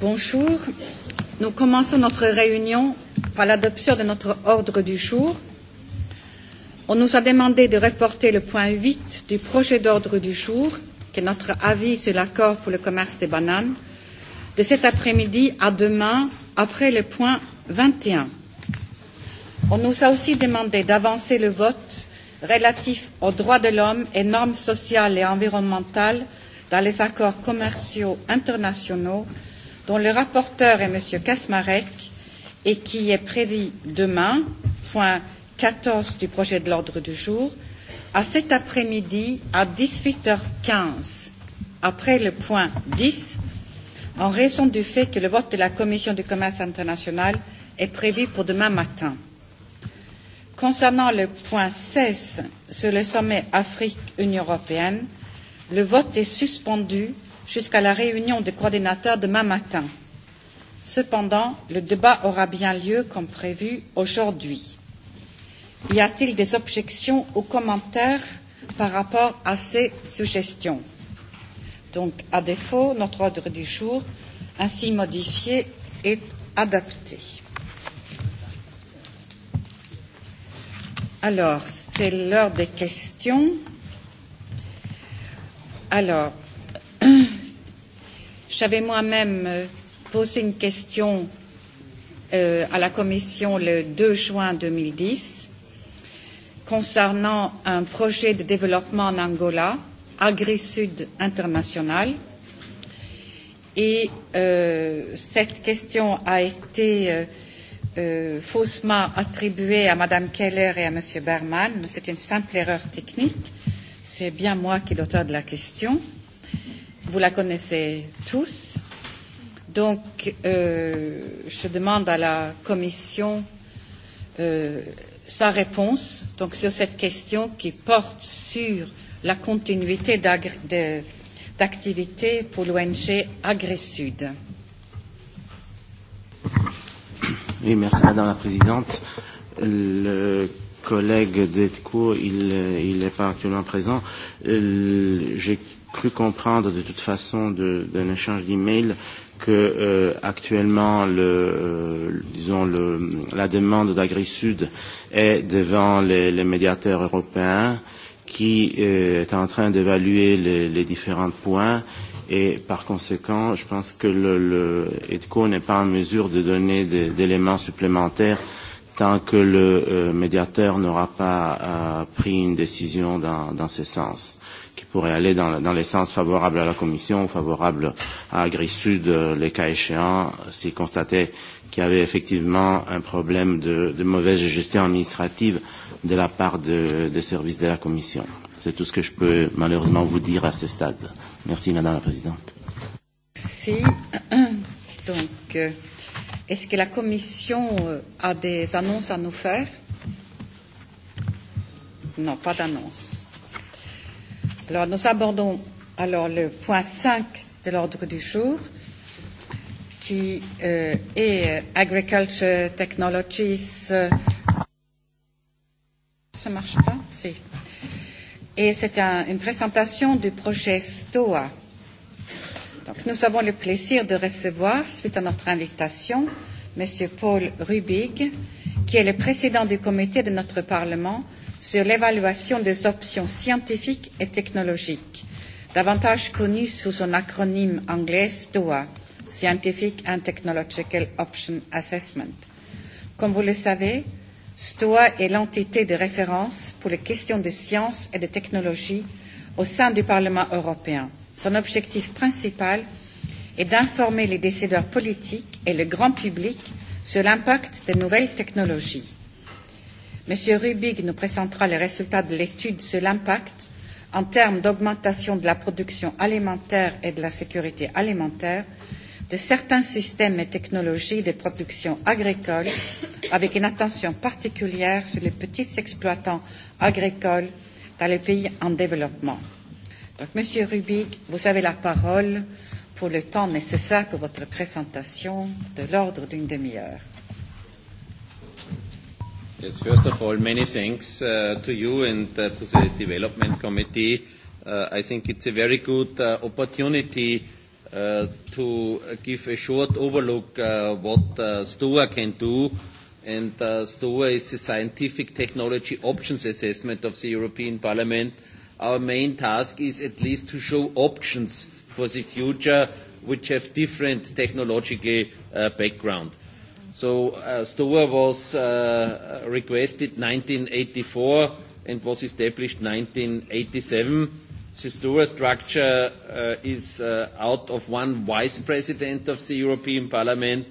Bonjour. Nous commençons notre réunion par l'adoption de notre ordre du jour. On nous a demandé de reporter le point 8 du projet d'ordre du jour, qui est notre avis sur l'accord pour le commerce des bananes, de cet après-midi à demain, après le point 21. On nous a aussi demandé d'avancer le vote relatif aux droits de l'homme et normes sociales et environnementales dans les accords commerciaux internationaux dont le rapporteur est M. Kasmarek et qui est prévu demain, point 14 du projet de l'ordre du jour, à cet après-midi à 18h15, après le point 10, en raison du fait que le vote de la Commission du commerce international est prévu pour demain matin. Concernant le point 16 sur le sommet Afrique-Union européenne, le vote est suspendu jusqu'à la réunion des coordinateurs demain matin. Cependant, le débat aura bien lieu comme prévu aujourd'hui. Y a-t-il des objections ou commentaires par rapport à ces suggestions Donc, à défaut, notre ordre du jour, ainsi modifié, est adapté. Alors, c'est l'heure des questions. Alors, j'avais moi-même euh, posé une question euh, à la Commission le 2 juin 2010 concernant un projet de développement en Angola, AgriSud International. Et euh, cette question a été euh, euh, faussement attribuée à Mme Keller et à M. Berman. C'est une simple erreur technique. C'est bien moi qui est l'auteur de la question. Euh, Vous la connaissez tous. Donc, euh, je demande à la Commission euh, sa réponse donc, sur cette question qui porte sur la continuité d'activité pour l'ONG AgriSud. Oui, merci Madame la Présidente. Le collègue d'EDCO, il, il est particulièrement présent. Euh, J'ai cru comprendre de toute façon d'un échange d'emails que euh, actuellement le, euh, disons le, la demande d'AgriSud est devant les, les médiateurs européens qui euh, est en train d'évaluer les, les différents points et par conséquent je pense que le, le EDCO n'est pas en mesure de donner d'éléments supplémentaires tant que le euh, médiateur n'aura pas euh, pris une décision dans, dans ce sens. Euh, qui pourrait aller dans, dans les sens favorables à la Commission, favorable à AgriSud, euh, les cas échéants, s'il constatait qu'il y avait effectivement un problème de, de mauvaise gestion administrative de la part de, des services de la Commission. C'est tout ce que je peux malheureusement vous dire à ce stade. Merci Madame la Présidente. Merci. Donc, euh, est-ce que la Commission euh, a des annonces à nous faire Non, pas d'annonces. Alors, nous abordons alors le point 5 de l'ordre du jour, qui euh, est euh, Agriculture Technologies. Euh, ça marche pas Si. Et c'est un, une présentation du projet STOA. Donc, nous avons le plaisir de recevoir, suite à notre invitation, Monsieur Paul Rubig, qui est le président du comité de notre Parlement sur l'évaluation des options scientifiques et technologiques, davantage connue sous son acronyme anglais STOA, Scientific and Technological Option Assessment. Comme vous le savez, STOA est l'entité de référence pour les questions de sciences et de technologies au sein du Parlement européen. Son objectif principal est d'informer les décideurs politiques et le grand public sur l'impact des nouvelles technologies. M. Rubig nous présentera les résultats de l'étude sur l'impact en termes d'augmentation de la production alimentaire et de la sécurité alimentaire de certains systèmes et technologies de production agricole, avec une attention particulière sur les petits exploitants agricoles dans les pays en développement. Donc, Monsieur Rubik, vous avez la parole pour le temps nécessaire pour votre présentation de l'ordre d'une demi-heure. Yes, first of all, many thanks uh, to you and uh, to the Development Committee. Uh, I think it's a very good uh, opportunity uh, to give a short overlook uh, what uh, STOA can do. And uh, STOA is the Scientific Technology Options Assessment of the European Parliament. Our main task is at least to show options for the future which have different technological uh, background. So uh, STOA was uh, requested 1984 and was established 1987. The STOA structure uh, is uh, out of one vice president of the European Parliament,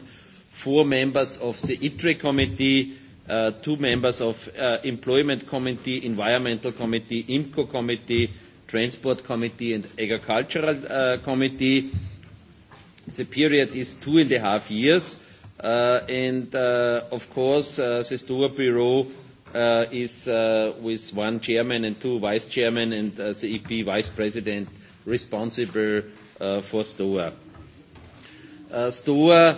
four members of the ITRE committee, uh, two members of uh, employment committee, environmental committee, IMCO committee, transport committee and agricultural uh, committee. The period is two and a half years Uh, and uh, of course, uh, the Stura Bureau uh, is uh, with one chairman and two vice chairmen and uh, the EP vice president responsible uh, for Stora. Uh, Stora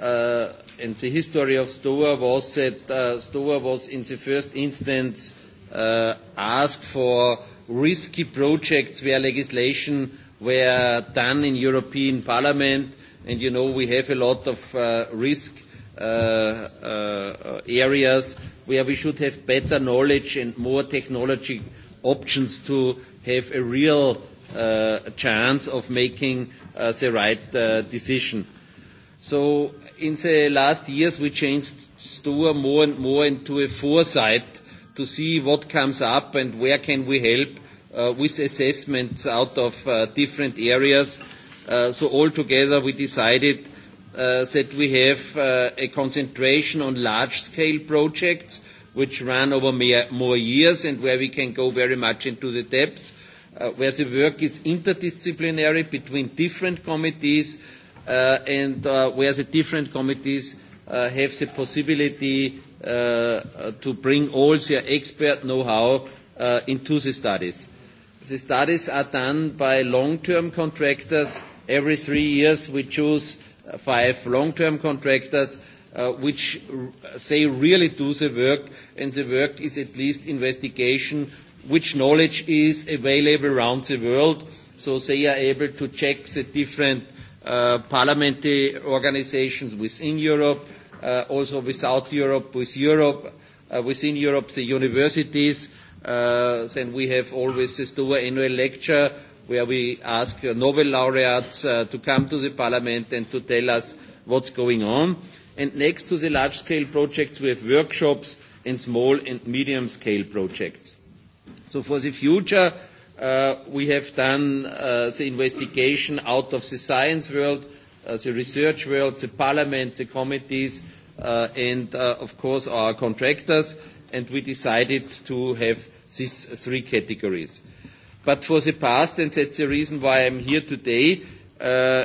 uh, and the history of Stora was that uh, Stora was in the first instance uh, asked for risky projects where legislation were done in European Parliament uh, and you know we have a lot of uh, risk uh, uh, areas where we should have better knowledge and more technology options to have a real uh, chance of making uh, the right uh, decision. So in the last years we changed STOA more and more into a foresight to see what comes up and where can we help uh, with assessments out of uh, different areas Uh, so altogether we decided uh, that we have uh, a concentration on large-scale projects which run over more years and where we can go very much into the depths, uh, where the work is interdisciplinary between different committees uh, and uh, where the different committees uh, have the possibility uh, to bring all their expert know-how uh, into the studies. The studies are done by long-term contractors Every three years, we choose uh, five long-term contractors, uh, which they really do the work, and the work is at least investigation, which knowledge is available around the world, so they are able to check the different uh, parliamentary organizations within Europe, uh, also without Europe, with Europe, uh, within Europe, the universities. Uh, then we have always the STOA annual lecture where we ask uh, Nobel laureates uh, to come to the parliament and to tell us what's going on. And next to the large-scale projects, we have workshops and small and medium-scale projects. So for the future, uh, we have done uh, the investigation out of the science world, uh, the research world, the parliament, the committees, uh, and uh, of course our contractors, and we decided to have these three categories. But for the past, and that's the reason why I'm here today, uh,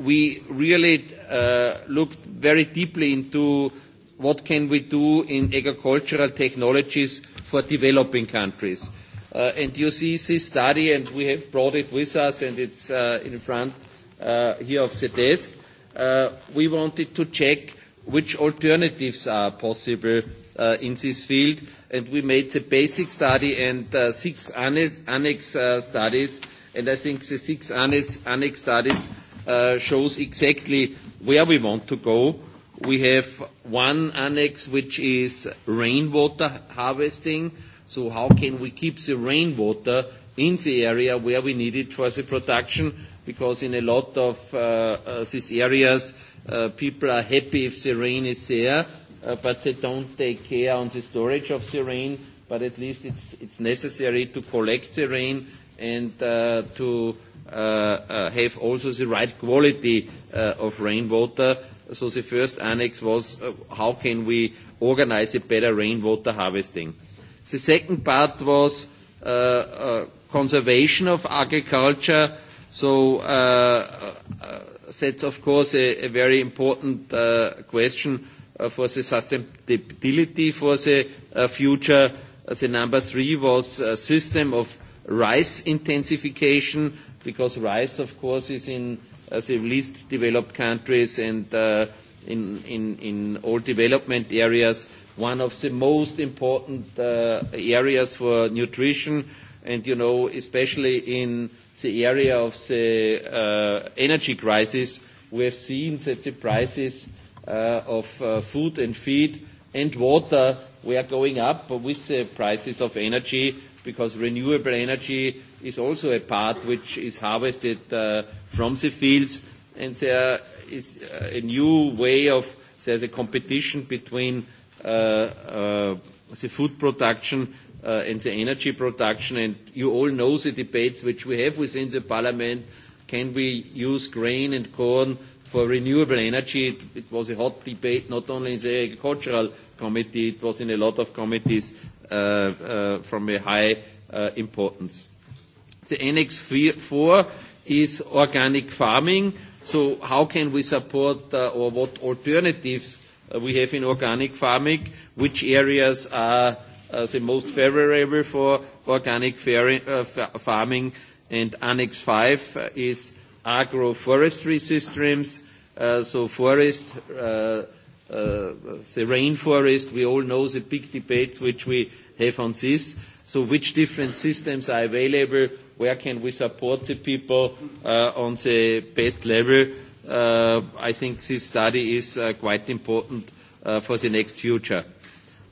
we really uh, looked very deeply into what can we do in agricultural technologies for developing countries. Uh, and you see this study, and we have brought it with us, and it's uh, in front uh, here of the desk. Uh, we wanted to check which alternatives are possible Uh, in this field. And we made the basic study and uh, six annex, annex uh, studies. And I think the six annex, annex studies uh, shows exactly where we want to go. We have one annex which is rainwater harvesting. So how can we keep the rainwater in the area where we need it for the production? Because in a lot of uh, uh, these areas, uh, people are happy if the rain is there, uh, but they don't take care on the storage of the rain, but at least it's, it's necessary to collect the rain and uh, to uh, uh, have also the right quality uh, of rainwater. So the first annex was uh, how can we organize a better rainwater harvesting. The second part was uh, uh, conservation of agriculture. So uh, uh, uh that's, of course, a, a very important uh, question Uh, for the sustainability for the uh, future. Uh, the number three was a uh, system of rice intensification, because rice, of course, is in uh, the least developed countries and uh, in, in, in all development areas one of the most important uh, areas for nutrition. And, you know, especially in the area of the uh, energy crisis, we have seen that the prices uh, of uh, food and feed and water we are going up with the prices of energy because renewable energy is also a part which is harvested uh, from the fields and there is a new way of there's a competition between uh, uh, the food production uh, and the energy production and you all know the debates which we have within the parliament can we use grain and corn for renewable energy. It, it was a hot debate not only in the agricultural committee, it was in a lot of committees uh, uh, from a high uh, importance. The Annex 4 is organic farming. So how can we support uh, or what alternatives uh, we have in organic farming? Which areas are uh, the most favorable for organic fairy, uh, farming? And Annex 5 uh, is agroforestry systems, uh, so forest, uh, uh, the rainforest, we all know the big debates which we have on this. So which different systems are available? Where can we support the people uh, on the best level? Uh, I think this study is uh, quite important uh, for the next future.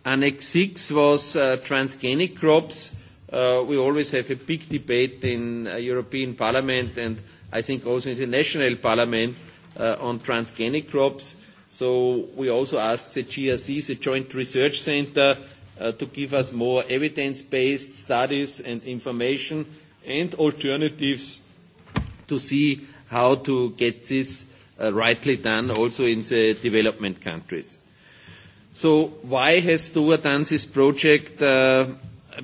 Annex 6 was uh, transgenic crops. Uh, we always have a big debate in uh, European Parliament and uh, I think also in the national parliament uh, on transgenic crops. So we also asked the GRC, e, the Joint Research Center, uh, to give us more evidence-based studies and information and alternatives to see how to get this uh, rightly done also in the development countries. So why has Doha done this project? Uh,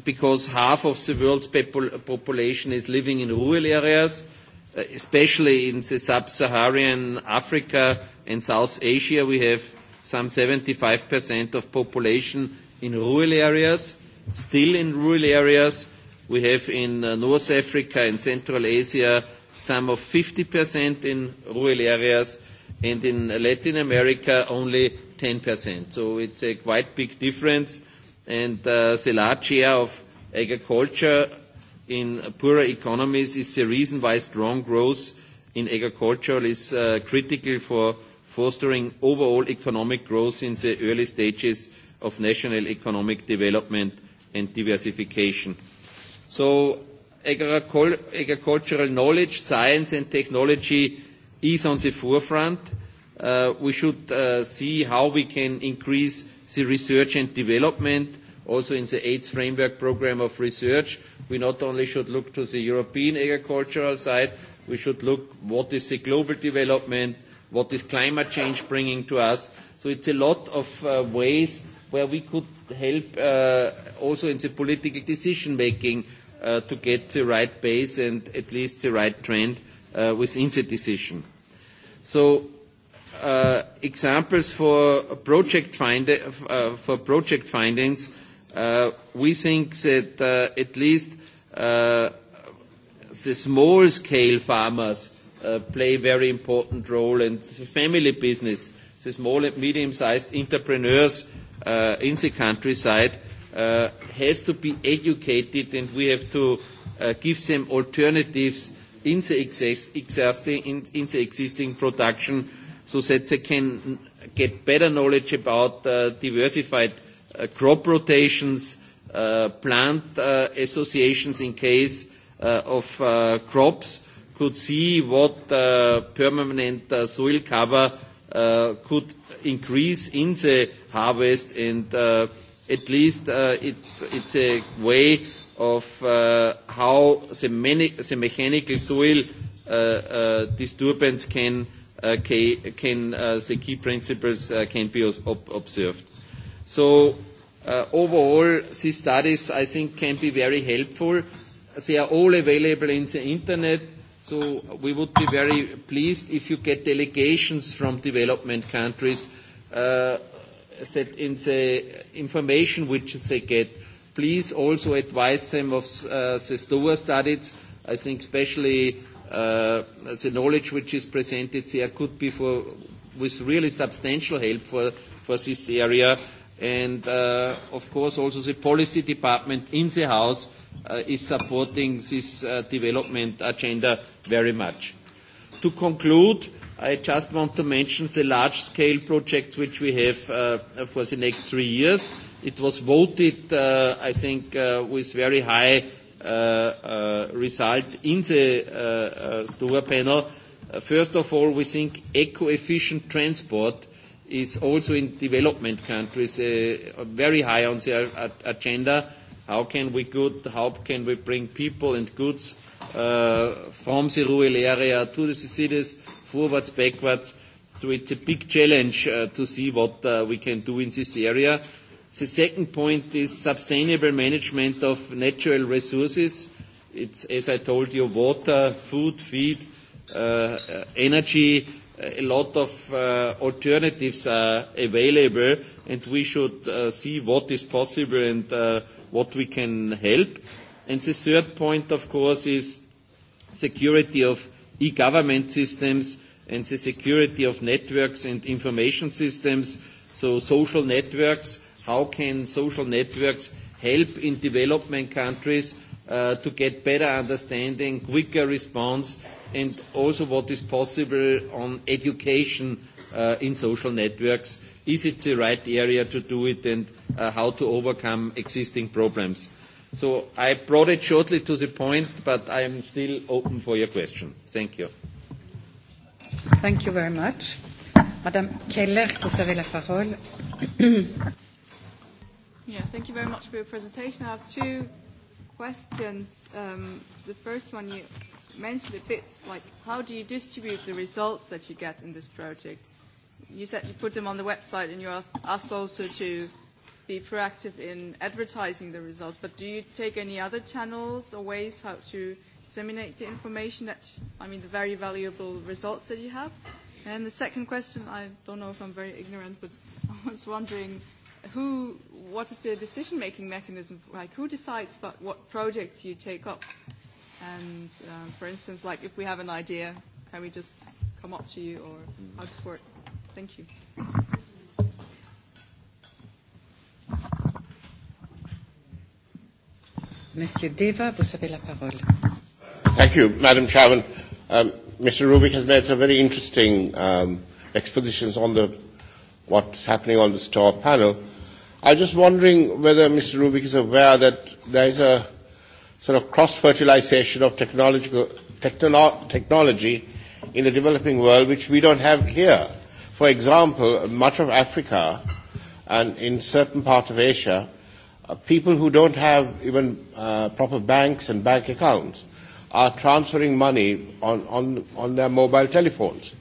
because half of the world's popul population is living in rural areas. Uh, Uh, especially in the sub-Saharan Africa and South Asia, we have some 75% of population in rural areas. Still in rural areas, we have in uh, North Africa and Central Asia some of 50% in rural areas, and in Latin America only 10%. So it's a quite big difference, and the uh, large share of agriculture in poorer economies is the reason why strong growth in agriculture is uh, critical for fostering overall economic growth in the early stages of national economic development and diversification. So agricultural knowledge, science and technology is on the forefront. Uh, we should uh, see how we can increase the research and development Also in the AIDS framework program of research, we not only should look to the European agricultural side, we should look what is the global development, what is climate change bringing to us. So it's a lot of uh, ways where we could help uh, also in the political decision making uh, to get the right base and at least the right trend uh, within the decision. So uh, examples for project, find uh, for project findings Uh, we think that uh, at least uh, the small scale farmers uh, play a very important role and the family business, the small and medium sized entrepreneurs uh, in the countryside uh, has to be educated and we have to uh, give them alternatives in the, exist, existing, in, in the existing production so that they can get better knowledge about uh, diversified uh, Uh, crop rotations, uh, plant uh, associations in case of crops, could see what permanent soil cover could increase in the harvest and at least it, it's a way of uh, how the, many, the mechanical soil uh, uh, disturbance can, uh, can, uh, the key principles uh, can be observed. So Uh, overall, these studies, I think, can be very helpful. They are all available in the internet, so we would be very pleased if you get delegations from development countries uh, that in the information which they get, please also advise them of uh, the STOA studies. I think especially uh, the knowledge which is presented there could be for, with really substantial help for, for this area. And uh, of course, also the policy department in the House uh, is supporting this uh, development agenda very much. To conclude, I just want to mention the large-scale projects which we have uh, for the next three years. It was voted, uh, I think, uh, with very high uh, uh, result in the uh, uh, Stuart panel. Uh, first of all, we think eco-efficient transport is also in development countries uh, very high on the agenda. How can we good, how can we bring people and goods uh, from the rural area to the cities, forwards, backwards? So it's a big challenge uh, to see what uh, we can do in this area. The second point is sustainable management of natural resources. It's, as I told you, water, food, feed, uh, uh energy, a lot of uh, alternatives are available and we should uh, see what is possible and uh, what we can help. And the third point, of course, is security of e-government systems and the security of networks and information systems. So social networks, how can social networks help in development countries Uh, to get better understanding, quicker response, and also what is possible on education uh, in social networks. Is it the right area to do it and uh, how to overcome existing problems? So I brought it shortly to the point, but I am still open for your question. Thank you. Thank you very much. Madame Keller, vous avez la parole. yeah, thank you very much for your presentation. I have two questions. Um, the first one you mentioned a bit, like how do you distribute the results that you get in this project? You said you put them on the website and you ask us also to be proactive in advertising the results, but do you take any other channels or ways how to disseminate the information that, I mean, the very valuable results that you have? And the second question, I don't know if I'm very ignorant, but I was wondering who, what is the decision-making mechanism? Like, who decides but what projects you take up? And, uh, for instance, like, if we have an idea, can we just come up to you, or how does it work? Thank you. Monsieur Deva, vous avez la parole. Thank you, Madam Chairman. Um, Mr. Rubik has made some very interesting um, expositions on the, what's happening on the star panel. I'm just wondering whether Mr. Rubik is aware that there is a sort of cross-fertilization of technological, technolo- technology in the developing world, which we don't have here. For example, much of Africa and in certain parts of Asia, uh, people who don't have even uh, proper banks and bank accounts are transferring money on, on, on their mobile telephones.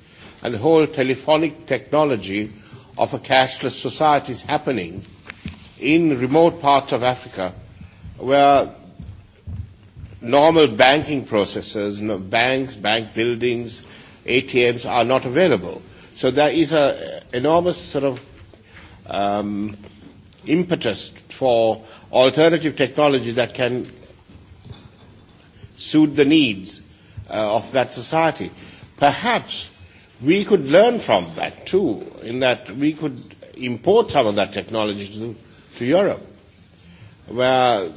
And the whole telephonic technology of a cashless society is happening in remote parts of Africa where normal banking processes, you know, banks, bank buildings, ATMs are not available. So there is an enormous sort of um, impetus for alternative technology that can suit the needs uh, of that society. Perhaps we could learn from that too, in that we could import some of that technology to to Europe. Where,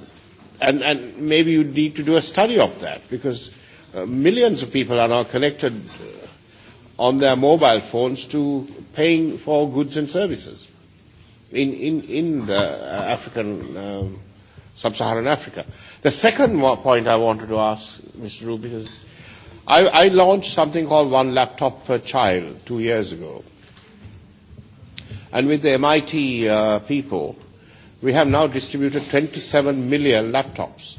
and, and maybe you need to do a study of that because uh, millions of people are now connected uh, on their mobile phones to paying for goods and services in, in, in the uh, African, um, sub-Saharan Africa. The second point I wanted to ask Mr. Rubin is I, I launched something called One Laptop Per Child two years ago. And with the MIT uh, people, we have now distributed 27 million laptops.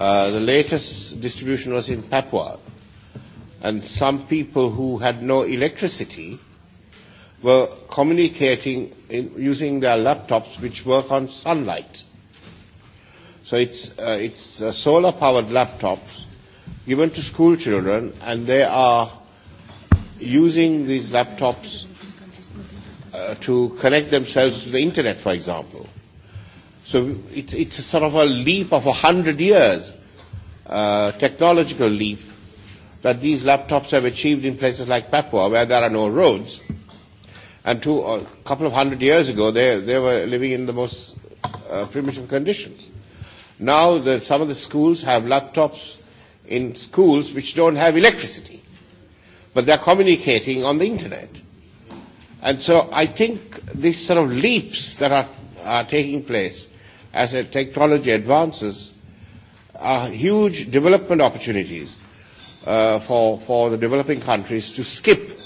Uh, the latest distribution was in Papua, and some people who had no electricity were communicating in, using their laptops, which work on sunlight. So it's, uh, it's uh, solar-powered laptops given to school children, and they are using these laptops uh, to connect themselves to the internet, for example. So it's, it's a sort of a leap of a hundred years, uh, technological leap, that these laptops have achieved in places like Papua, where there are no roads. And two, a couple of hundred years ago, they, they were living in the most uh, primitive conditions. Now, the, some of the schools have laptops in schools which don't have electricity, but they're communicating on the internet. And so I think these sort of leaps that are, are taking place as a technology advances are huge development opportunities uh, for, for the developing countries to skip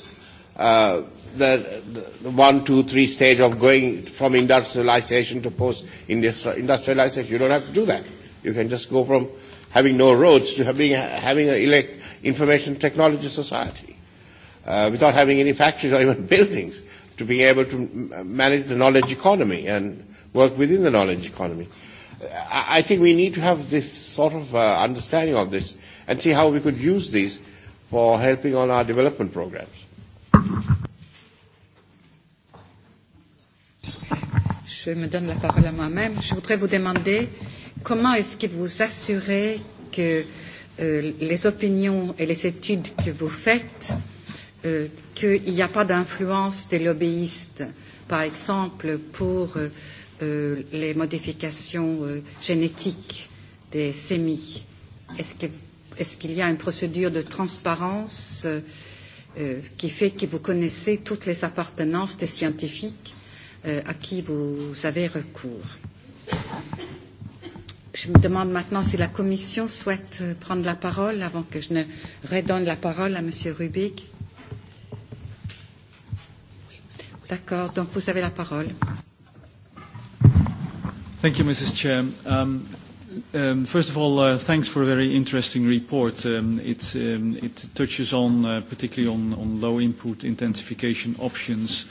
uh, the, the, the one, two, three stage of going from industrialization to post-industrialization. You don't have to do that. You can just go from having no roads to having, having an information technology society uh, without having any factories or even buildings to be able to manage the knowledge economy and work within the knowledge economy. Uh, I, I think we need to have this sort of uh, understanding of this and see how we could use these for helping on our development programs. Je me donne la parole à moi-même. Je voudrais vous demander comment est-ce que vous assurez que euh, les opinions et les études que vous faites euh, Euh, qu'il n'y a pas d'influence des lobbyistes, par exemple pour euh, euh, les modifications euh, génétiques des sémis. Est-ce que est-ce qu'il y a une procédure de transparence euh, qui fait que vous connaissez toutes les appartenances des scientifiques euh, à qui vous avez recours Je me demande maintenant si la Commission souhaite euh, prendre la parole avant que je ne redonne la parole à M. Rubik. D'accord, donc vous avez la parole. Thank you, Mrs. Chair. Um, um, first of all, uh, thanks for a very interesting report. Um, it's, um, it touches on, uh, particularly on, on low input intensification options.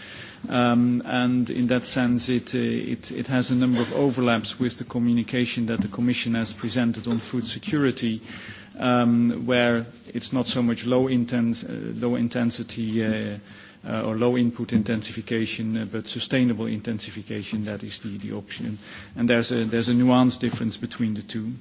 Um, and in that sense, it, uh, it, it has a number of overlaps with the communication that the Commission has presented on food security, um, where it's not so much low, intense, uh, low intensity uh, uh, or low input intensification, uh, but sustainable intensification, that is the, the option. And there's a, there's a nuance difference between the two.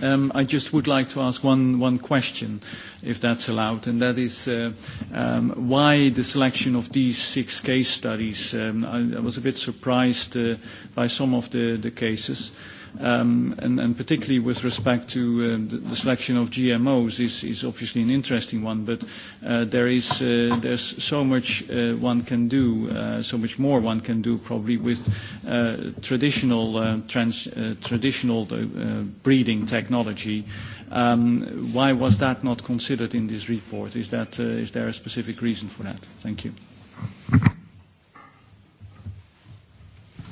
Um, I just would like to ask one, one question, if that's allowed, and that is uh, um, why the selection of these six case studies? Um, I, I was a bit surprised uh, by some of the, the cases. Uh, um, and, and particularly with respect to uh, the, the selection of GMOs is, is obviously an interesting one, but uh, there is uh, there's so much uh, one can do, uh, so much more one can do probably with uh, traditional uh, trans, uh, traditional uh, uh breeding technology. Um, why was that not considered in this report? Is that uh, is there a specific reason for that? Thank you.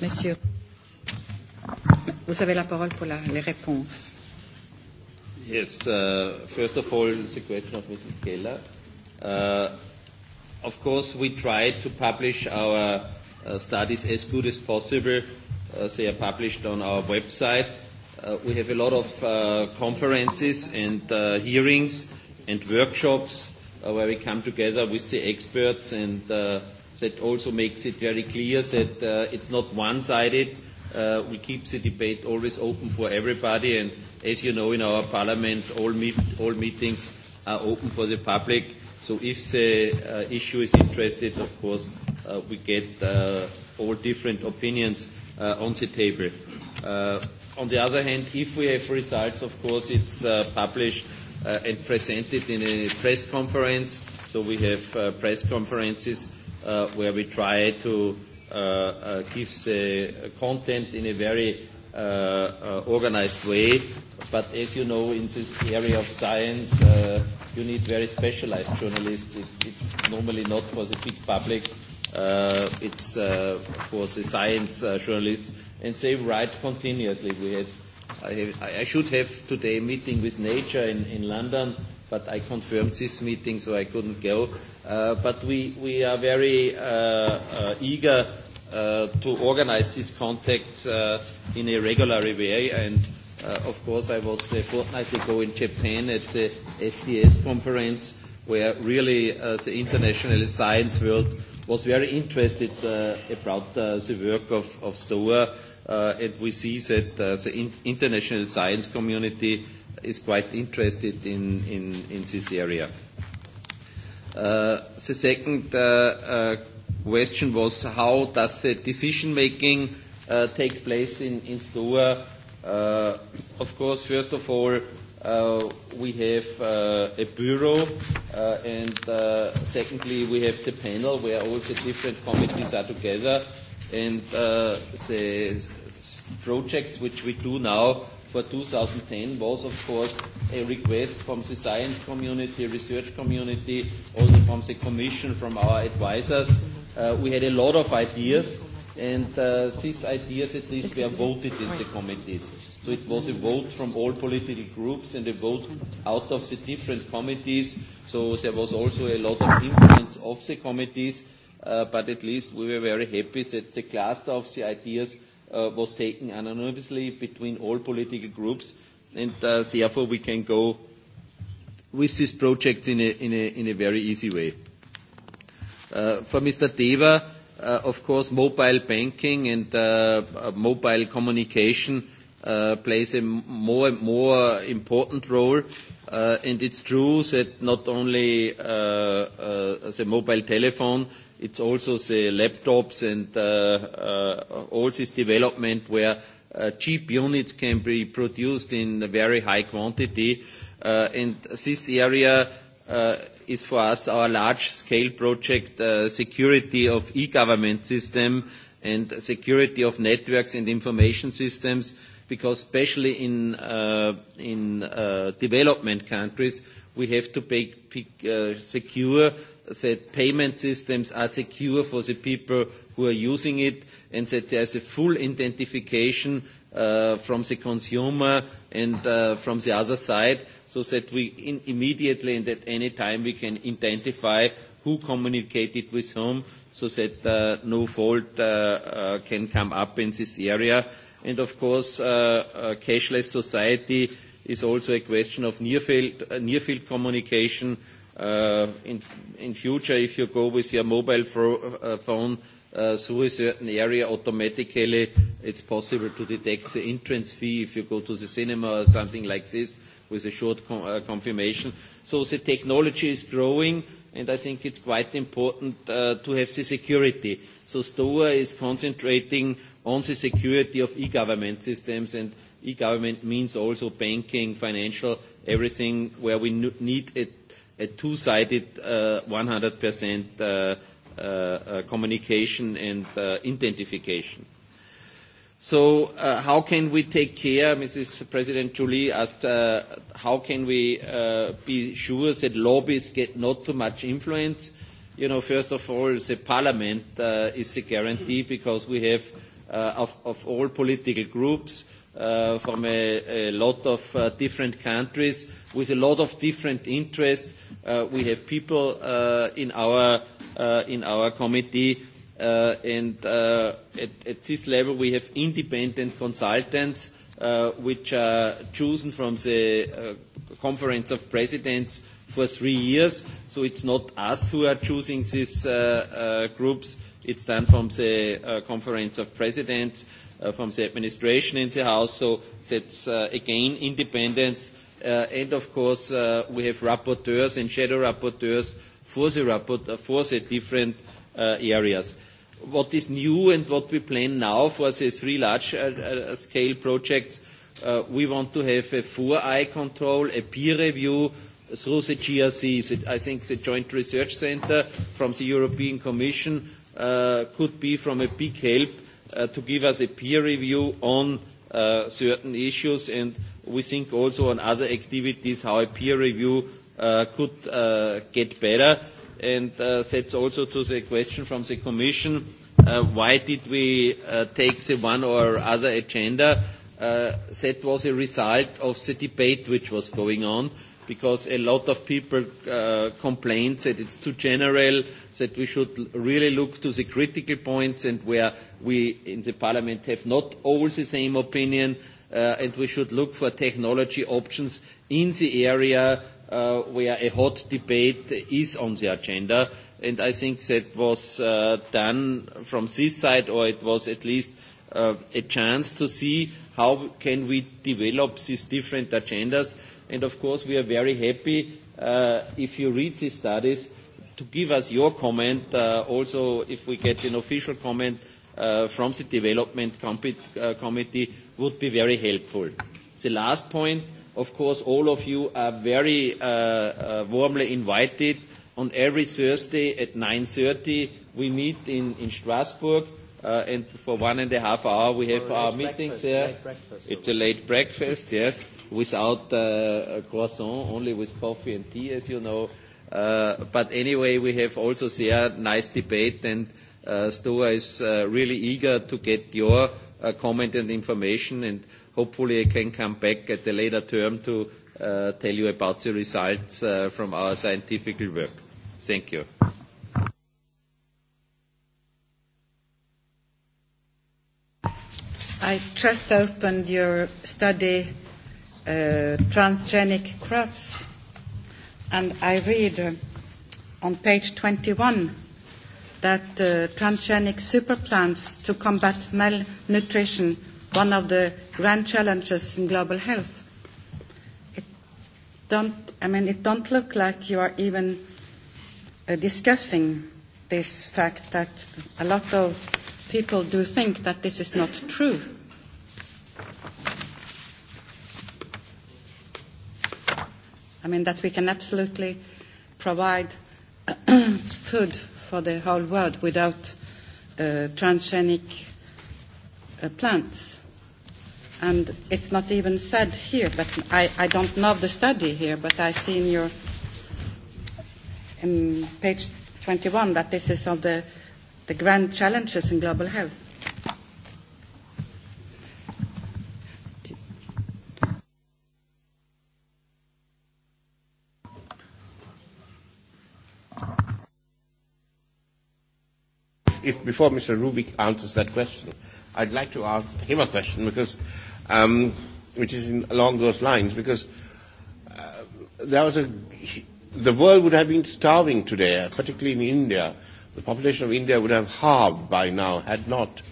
Monsieur. Vous avez la parole pour la, les réponses. Yes, uh, first of all, the question of Mrs. Keller. Uh, of course, we try to publish our uh, studies as good as possible. Uh, they are published on our website. Uh, we have a lot of uh, conferences and uh, hearings and workshops uh, where we come together with the experts, and uh, that also makes it very clear that uh, it's not one-sided uh, we keep the debate always open for everybody. And as you know, in our parliament, all, meet, all meetings are open for the public. So if the uh, issue is interested, of course, uh, we get uh, all different opinions uh, on the table. Uh, on the other hand, if we have results, of course, it's uh, published uh, and presented in a press conference. So we have uh, press conferences uh, where we try to Uh, uh, gives uh, content in a very uh, uh, organized way. But as you know, in this area of science, uh, you need very specialized journalists. It's, it's normally not for the big public. Uh, it's uh, for the science uh, journalists, and they write continuously. We had, I, have, I should have today a meeting with Nature in, in London but I confirmed this meeting, so I couldn't go. Uh, but we, we are very uh, uh, eager uh, to organize these contacts uh, in a regular way. And uh, of course, I was a fortnight ago in Japan at the SDS conference, where really uh, the international science world was very interested uh, about uh, the work of, of STOA. Uh, and we see that uh, the in- international science community uh, is quite interested in, in, in this area. Uh, the second uh, uh, question was how does the decision making uh, take place in, in STOA? Uh, of course, first of all, uh, we have uh, a bureau, uh, and uh, secondly, we have the panel where all the different committees are together, and uh, the projects which we do now for 2010 was, of course, a request from the science community, research community, also from the Commission, from our advisors. Uh, we had a lot of ideas, and uh, these ideas at least were voted in the committees. So it was a vote from all political groups and a vote out of the different committees. So there was also a lot of influence of the committees, uh, but at least we were very happy that the cluster of the ideas uh, was taken anonymously between all political groups, and uh, therefore we can go with this project in a, in a, in a very easy way. Uh, for Mr. Deva, uh, of course, mobile banking and uh, uh mobile communication uh, plays a more and more important role. Uh, and it's true that not only uh, uh, the mobile telephone, uh, It's also the laptops and uh, uh, all this development where uh, cheap units can be produced in a very high quantity. Uh, and this area uh, is for us our large-scale project, uh, security of e-government system and security of networks and information systems, because especially in, uh, in uh, development countries, we have to pick uh, secure that payment systems are secure for the people who are using it and that there is a full identification uh, from the consumer and uh, from the other side so that we in immediately and at any time we can identify who communicated with whom so that uh, no fault uh, uh, can come up in this area. And of course, uh, a uh, cashless society is also a question of near-field, uh, near communication Uh, in, in future, if you go with your mobile uh, phone uh, through a certain area automatically, it's possible to detect the entrance fee if you go to the cinema or something like this with a short com uh, confirmation. So the technology is growing, and I think it's quite important uh, to have the security. So STOA is concentrating on the security of e-government systems, and e-government means also banking, financial, everything where we need a a two-sided uh, 100% uh, uh, uh, communication and uh, identification. So uh, how can we take care, Mrs. President Julie asked, uh, how can we uh, be sure that lobbies get not too much influence? You know, first of all, the parliament uh, is a guarantee because we have, uh, of, of all political groups, uh, from a, a lot of uh, different countries with a lot of different interests. Uh, we have people uh, in, our, uh, in our committee, uh, and uh, at, at this level we have independent consultants uh, which are chosen from the uh, Conference of Presidents for three years. So it's not us who are choosing these uh, uh, groups. It's done from the uh, Conference of Presidents. Uh, Uh, from the administration in the House, so that's uh, again independence. Uh, and of course, uh, we have rapporteurs and shadow rapporteurs for the, rapport, uh, for the different uh, areas. What is new and what we plan now for the three large-scale uh, uh projects, uh, we want to have a four-eye control, a peer review, through the GRC, I think the Joint Research Centre from the European Commission uh, could be from a big help uh, to give us a peer review on uh, certain issues, and we think also on other activities how a peer review uh, could uh, get better. And uh, that's also to the question from the Commission, uh, why did we uh, take the one or other agenda? Uh, that was a result of the debate which was going on because a lot of people uh, complained that it's too general, that we should really look to the critical points and where we in the parliament have not all the same opinion, uh, and we should look for technology options in the area uh, where a hot debate is on the agenda. And I think that was uh, done from this side, or it was at least uh, a chance to see how can we develop these different agendas And of course, we are very happy uh, if you read these studies to give us your comment. Uh, also, if we get an official comment uh, from the development com- uh, committee, would be very helpful. The last point, of course, all of you are very uh, uh, warmly invited. On every Thursday at 9.30, we meet in, in Strasbourg. Uh, and for one and a half hour, we have our meetings there. It's a late breakfast, yes without uh, croissant, only with coffee and tea, as you know. Uh, but anyway, we have also there nice debate, and uh, Stoa is uh, really eager to get your uh, comment and information, and hopefully I can come back at a later term to uh, tell you about the results uh, from our scientific work. Thank you. I just opened your study Uh, transgenic crops. And I read uh, on page 21 that uh, transgenic superplants to combat malnutrition, one of the grand challenges in global health. It don't, I mean, it don't look like you are even uh, discussing this fact that a lot of people do think that this is not true. I mean, that we can absolutely provide food for the whole world without uh, transgenic uh, plants. And it's not even said here, but I, I don't know the study here, but I see in your in page 21 that this is of the, the grand challenges in global health. if before Mr. Rubik answers that question, I'd like to ask him a question because, um, which is in, along those lines, because uh, there was a, the world would have been starving today, particularly in India. The population of India would have halved by now had not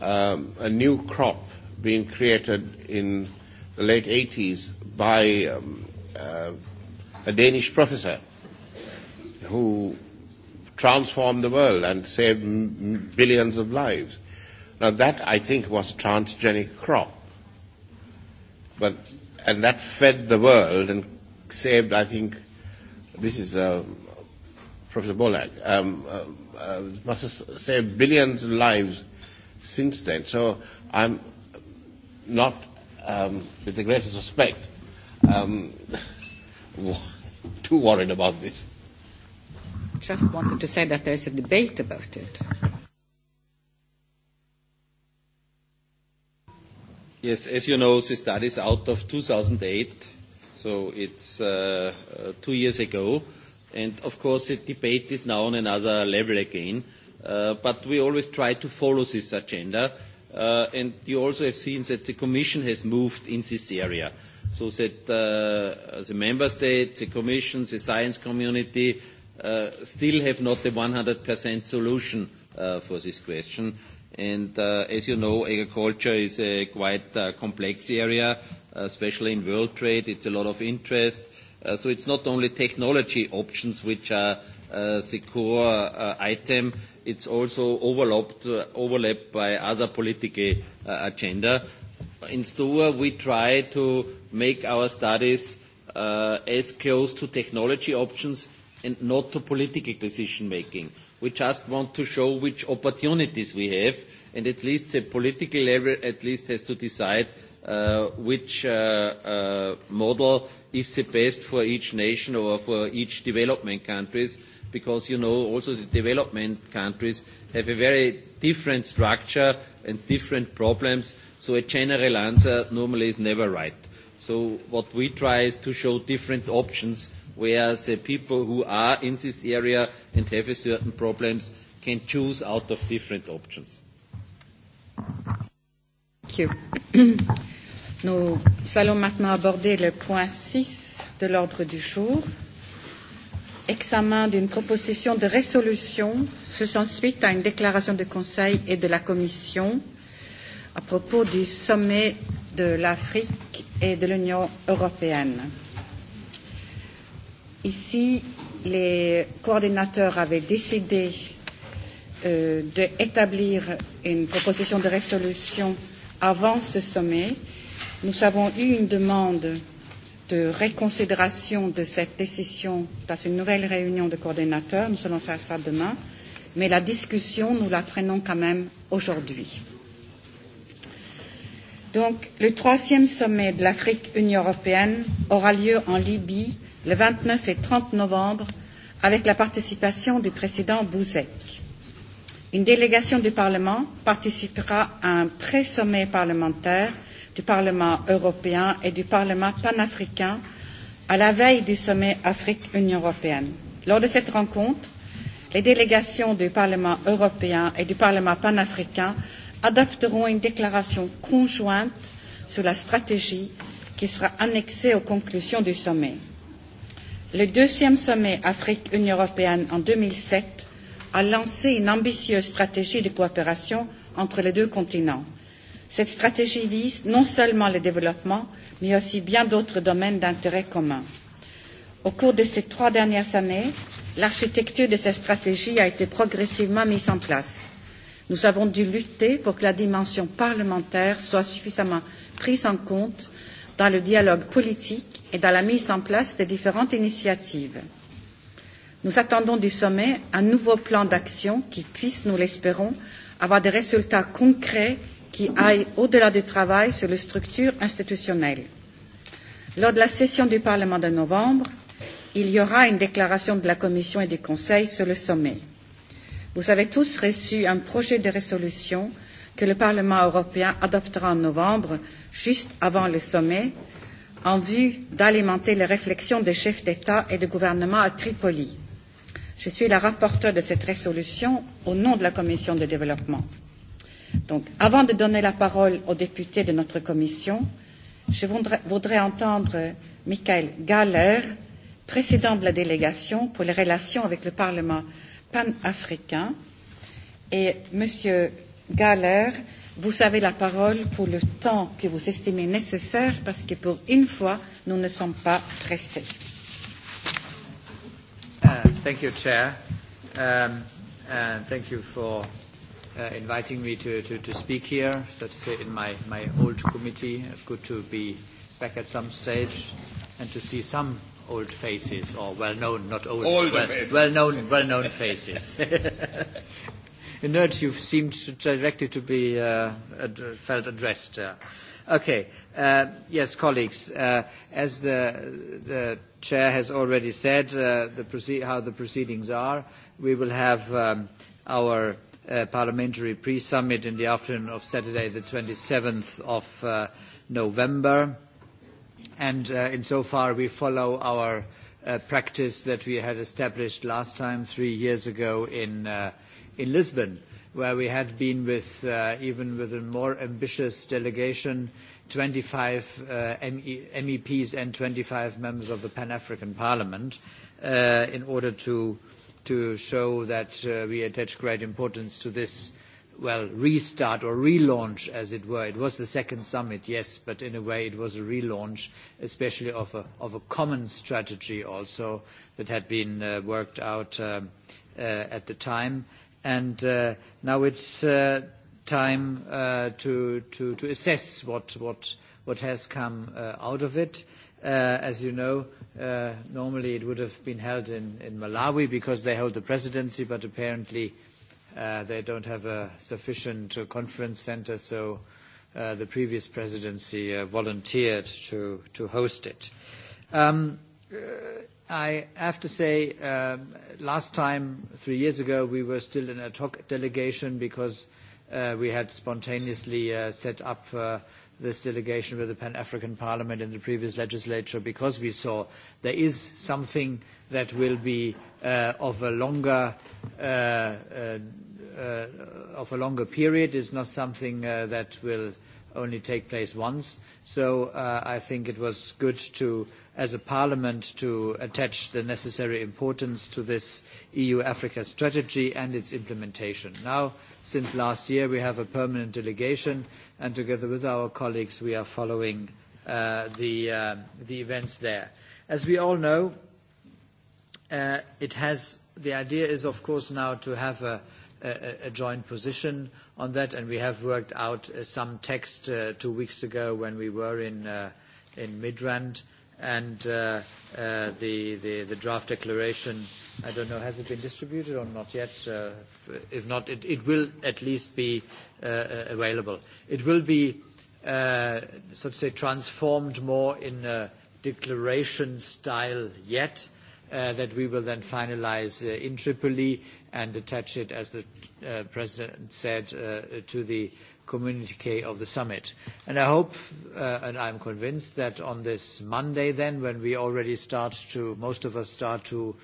um, a new crop been created in the late 80s by um, uh, a Danish professor who transform the world and save m- billions of lives. Now that I think was transgenic crop, but and that fed the world and saved I think this is uh, Professor Bolak um, uh, uh, must have saved billions of lives since then. So I'm not um, with the greatest respect um, too worried about this just wanted to say that there is a debate about it. Yes, as you know, the study is out of 2008, so it's uh, uh, two years ago. And of course, the debate is now on another level again. Uh, but we always try to follow this agenda. Uh, and you also have seen that the Commission has moved in this area so that uh, the member states, the commission, the science community uh, still have not the 100% solution uh, for this question. And uh, as you know, agriculture is a quite uh, complex area, uh, especially in world trade. It's a lot of interest. Uh, so it's not only technology options which are uh, the core uh, item, it's also overlapped, uh, overlapped by other political uh, agenda. In STOA, we try to make our studies uh, as close to technology options and not to political decision making. We just want to show which opportunities we have, and at least the political level at least has to decide uh, which uh, uh, model is the best for each nation or for each development countries, because you know also the development countries have a very different structure and different problems, so a general answer normally is never right. So what we try is to show different options where the people who are in this area and have a certain problems can choose out of different options. Thank you. Nous allons maintenant aborder le point 6 de l'ordre du jour, examen d'une proposition de résolution faisant suite à une déclaration du Conseil et de la Commission à propos du sommet de l'Afrique et de l'Union européenne. Ici, les coordinateurs avaient décidé euh, d'établir une proposition de résolution avant ce sommet. Nous avons eu une demande de réconsidération de cette décision dans une nouvelle réunion de coordinateurs. Nous allons faire ça demain. Mais la discussion, nous la prenons quand même aujourd'hui. Donc, le troisième sommet de l'Afrique-Union européenne aura lieu en Libye le 29 et 30 novembre avec la participation du président Bouzek. Une délégation du Parlement participera à un pré-sommet parlementaire du Parlement européen et du Parlement panafricain à la veille du sommet Afrique-Union européenne. Lors de cette rencontre, les délégations du Parlement européen et du Parlement panafricain adopteront une déclaration conjointe sur la stratégie qui sera annexée aux conclusions du sommet. Le deuxième sommet Afrique-Union européenne en 2007 a lancé une ambitieuse stratégie de coopération entre les deux continents. Cette stratégie vise non seulement le développement, mais aussi bien d'autres domaines d'intérêt commun. Au cours de ces trois dernières années, l'architecture de cette stratégie a été progressivement mise en place. Nous avons dû lutter pour que la dimension parlementaire soit suffisamment prise en compte dans le dialogue politique et dans la mise en place des différentes initiatives. Nous attendons du sommet un nouveau plan d'action qui puisse, nous l'espérons, avoir des résultats concrets qui aillent au-delà du travail sur les structures institutionnelles. Lors de la session du Parlement de novembre, il y aura une déclaration de la Commission et du Conseil sur le sommet. Vous avez tous reçu un projet de résolution que le Parlement européen adoptera en novembre, juste avant le sommet, en vue d'alimenter les réflexions des chefs d'État et de gouvernement à Tripoli. Je suis la rapporteure de cette résolution au nom de la Commission de développement. Donc, avant de donner la parole aux députés de notre commission, je voudrais, voudrais entendre Michael Galler, président de la délégation pour les relations avec le Parlement panafricain, et Monsieur galère, vous avez la parole pour le temps que vous estimez nécessaire parce que pour une fois, nous ne sommes pas pressés. Uh, thank you, Chair. Um, and uh, thank you for uh, inviting me to, to, to speak here, so to say, in my, my old committee. It's good to be back at some stage and to see some old faces or well-known, not old, old well, well-known, well-known faces. nerds you seemed directly to be uh, felt addressed. Uh, okay. Uh, yes, colleagues, uh, as the, the chair has already said, uh, the how the proceedings are, we will have um, our uh, parliamentary pre-summit in the afternoon of Saturday, the 27th of uh, November. And uh, insofar, we follow our uh, practice that we had established last time, three years ago, in uh, in Lisbon, where we had been with uh, even with a more ambitious delegation, 25 uh, MEPs e and 25 members of the Pan-African Parliament, uh, in order to, to show that uh, we attach great importance to this well, restart or relaunch, as it were. It was the second summit, yes, but in a way it was a relaunch, especially of a, of a common strategy also that had been uh, worked out um, uh, at the time and uh, now it's uh, time uh, to, to, to assess what, what, what has come uh, out of it. Uh, as you know, uh, normally it would have been held in, in Malawi because they hold the presidency, but apparently uh, they don't have a sufficient uh, conference center, so uh, the previous presidency uh, volunteered to, to host it. Um, uh, I have to say, um, last time, three years ago, we were still an ad hoc delegation because uh, we had spontaneously uh, set up uh, this delegation with the Pan-African Parliament in the previous legislature because we saw there is something that will be of a longer period. It's not something that will only take place once. So I think it was good to as a parliament to attach the necessary importance to this EU-Africa strategy and its implementation. Now, since last year, we have a permanent delegation, and together with our colleagues, we are following uh, the, uh, the events there. As we all know, uh, it has, the idea is, of course, now to have a, a, a joint position on that, and we have worked out uh, some text uh, two weeks ago when we were in, uh, in Midrand and uh, uh, the, the, the draft declaration, I don't know, has it been distributed or not yet? Uh, if not, it, it will at least be uh, uh, available. It will be, uh, so to say, transformed more in a declaration style yet. Uh, that we will then finalize uh, in Tripoli and attach it, as the uh, President said, uh, to the communique of the summit. And I hope, uh, and I'm convinced, that on this Monday then, when we already start to, most of us start to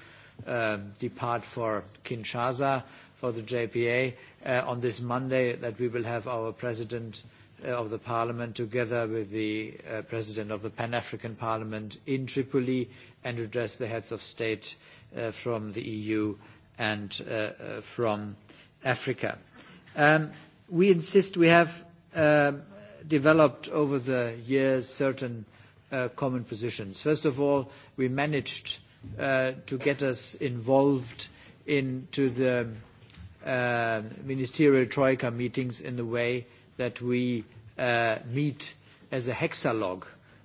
uh, depart for Kinshasa, for the JPA, uh, on this Monday that we will have our president uh, of the parliament together with the uh, president of the Pan-African Parliament in Tripoli and address the heads of state uh, from the EU and uh, uh, from Africa. Um, we insist we have uh, developed over the years certain uh, common positions. First of all, we managed uh, to get us involved into the ministerial troika meetings in the way that we meet as a hexalog.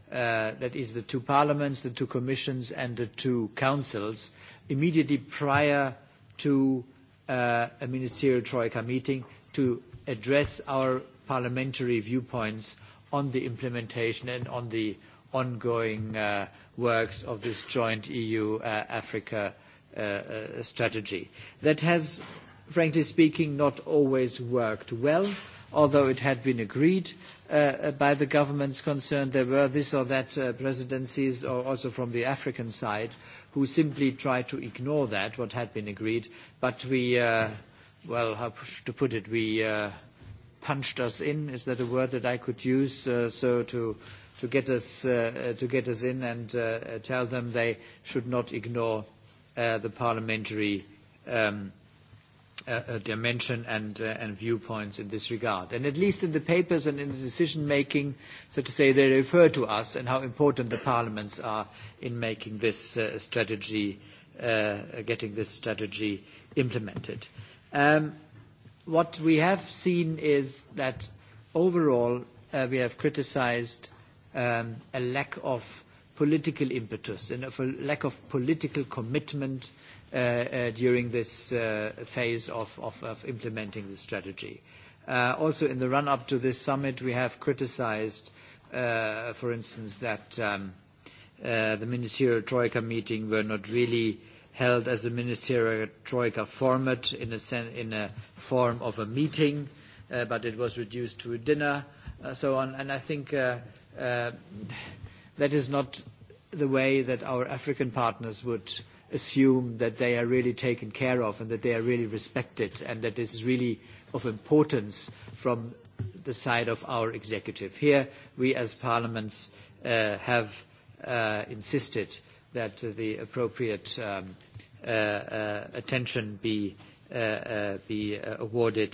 that is the two parliaments, the two commissions and the two councils immediately prior to a ministerial troika meeting to address our parliamentary viewpoints on the implementation and on the ongoing uh, works of this joint EU-Africa uh, uh, uh, strategy. That has, frankly speaking, not always worked well. Although it had been agreed uh, uh, by the governments concerned, there were this or that presidencies, or also from the African side, who simply tried to ignore that, what had been agreed. But we well, how to put it, we uh, punched us in. Is that a word that I could use? Uh, so to to get us uh, uh to get us in and uh, tell them they should not ignore uh, the parliamentary um, uh, uh, dimension and, uh, and viewpoints in this regard. And at least in the papers and in the decision making, so to say, they refer to us and how important the parliaments are in making this uh, strategy, uh, getting this strategy implemented. Uh, Um, what we have seen is that overall uh, we have criticized um, a lack of political impetus and of a lack of political commitment uh, uh, during this phase of, implementing the strategy. also in the run-up to this summit, we have criticized, for instance, that um, the ministerial troika meeting were not really held as a ministerial troika format in a, sen- in a form of a meeting, uh, but it was reduced to a dinner, uh, so on. And I think uh, uh, that is not the way that our African partners would assume that they are really taken care of and that they are really respected and that this is really of importance from the side of our executive. Here, we as parliaments uh, have uh, insisted that the appropriate um, Uh, uh, attention be, uh, be awarded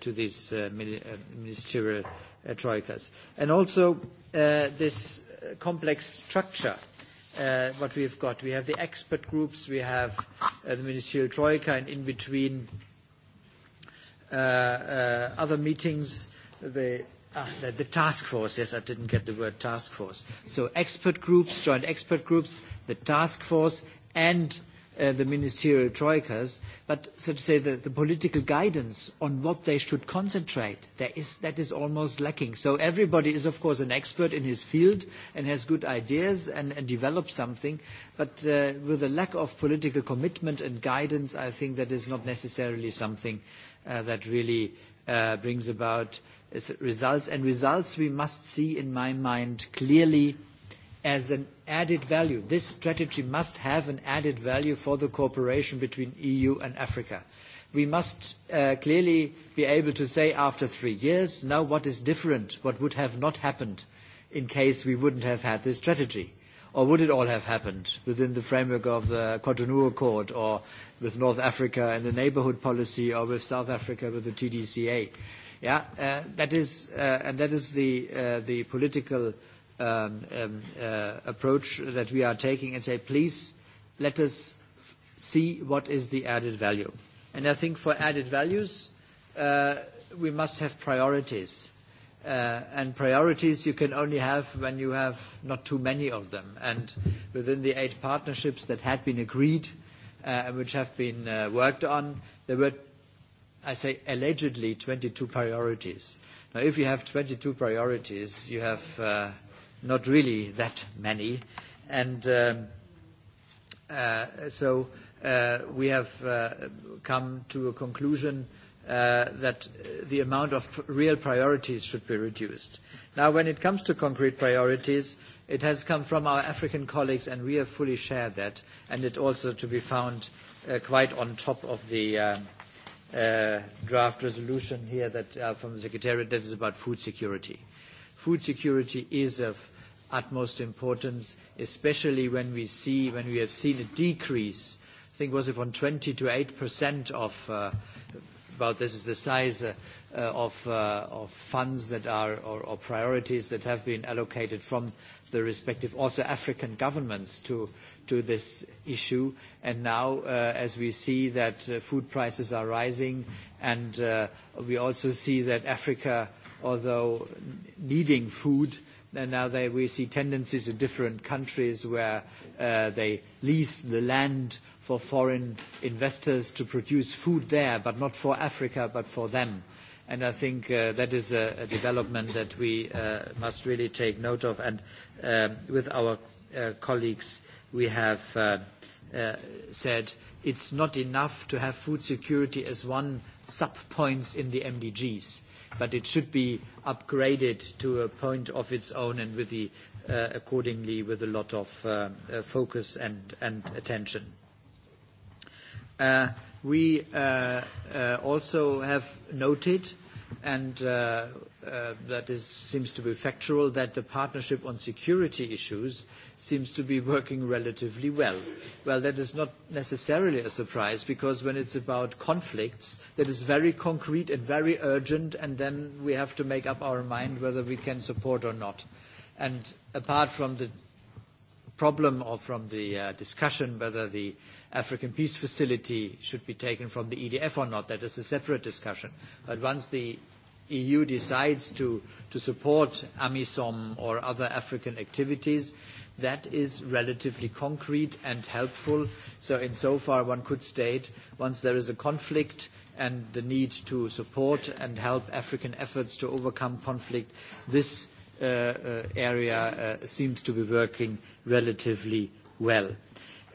to these ministerial troikas. And also this complex structure What what we've got. We have the expert groups, we have the ministerial troika, and in between other meetings, the, ah, the, the task force. Yes, I didn't get the word task force. So expert groups, joint expert groups, the task force, and Uh, the ministerial troikas, but so to say the, the political guidance on what they should concentrate, there is, that is almost lacking. So everybody is, of course, an expert in his field and has good ideas and, and develops something, but uh, with a lack of political commitment and guidance, I think that is not necessarily something uh, that really uh, brings about uh, results. And results we must see, in my mind, clearly – as an added value. This strategy must have an added value for the cooperation between EU and Africa. We must uh, clearly be able to say after three years, now what is different, what would have not happened in case we wouldn't have had this strategy? Or would it all have happened within the framework of the Cotonou Accord or with North Africa and the neighbourhood policy or with South Africa with the TDCA? Yeah, uh, that is, uh, and that is the, uh, the political um, um, uh, approach that we are taking and say, please let us see what is the added value. And I think for added values, uh, we must have priorities. Uh, and priorities you can only have when you have not too many of them. And within the eight partnerships that had been agreed uh, and which have been uh, worked on, there were, I say allegedly, 22 priorities. Now, if you have 22 priorities, you have uh, not really that many. And um, uh, so uh, we have uh, come to a conclusion uh, that the amount of real priorities should be reduced. Now, when it comes to concrete priorities, it has come from our African colleagues, and we have fully shared that, and it also to be found uh, quite on top of the uh, uh, draft resolution here that uh, from the Secretariat that is about food security. Food security is of utmost importance, especially when we see, when we have seen a decrease, I think was it from 20 to 8% of, uh, about this is the size uh, uh, of, uh, of funds that are, or, or priorities that have been allocated from the respective also African governments to, to this issue. And now, uh, as we see that uh, food prices are rising, and we also see that Africa, although needing food, now they, we see tendencies in different countries where uh, they lease the land for foreign investors to produce food there, but not for Africa, but for them. And I think uh, that is a, a development that we uh, must really take note of. And um, with our uh, colleagues, we have uh, uh, said it's not enough to have food security as one sub point in the MDGs but it should be upgraded to a point of its own and with the, uh, accordingly with a lot of uh, uh, focus and, attention. we also have noted, and Uh, that is, seems to be factual, that the partnership on security issues seems to be working relatively well. Well, that is not necessarily a surprise because when it's about conflicts, that is very concrete and very urgent, and then we have to make up our mind whether we can support or not. And apart from the problem or from the uh, discussion whether the African Peace Facility should be taken from the EDF or not. That is a separate discussion. But once the EU decides to, to support AMISOM or other African activities, that is relatively concrete and helpful. So insofar one could state once there is a conflict and the need to support and help African efforts to overcome conflict, this uh, uh, area uh, seems to be working relatively well.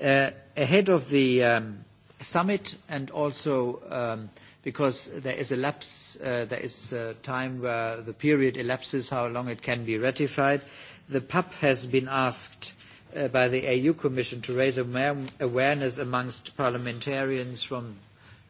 Uh, ahead of the um, summit and also um, because there is a lapse, uh, there is a time where the period elapses, how long it can be ratified. The PUP has been asked uh, by the AU Commission to raise awareness amongst parliamentarians from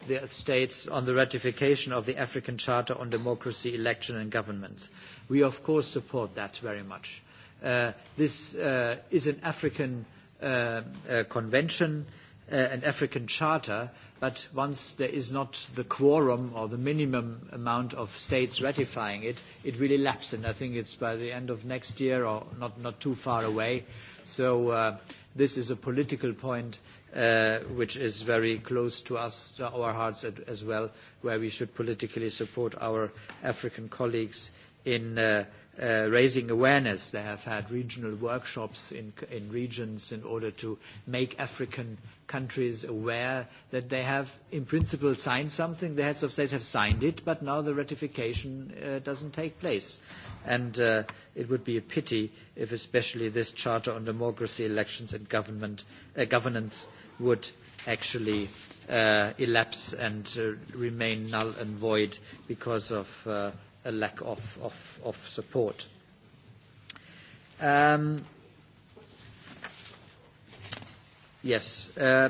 the states on the ratification of the African Charter on Democracy, Election and Governments. We, of course, support that very much. Uh, this uh, is an African uh, uh convention, uh, an African charter, but once there is not the quorum or the minimum amount of states ratifying it, it really lapses. and I think it's by the end of next year or not, not too far away. So uh, this is a political point uh, which is very close to us, to our hearts at, as well, where we should politically support our African colleagues in uh, Uh, raising awareness. They have had regional workshops in, in regions in order to make African countries aware that they have, in principle, signed something. The heads of state have signed it, but now the ratification uh, doesn't take place. And uh, it would be a pity if especially this Charter on Democracy, Elections and government, uh, Governance would actually uh, elapse and uh, remain null and void because of uh, a lack of, of, of support. Um, yes. Uh,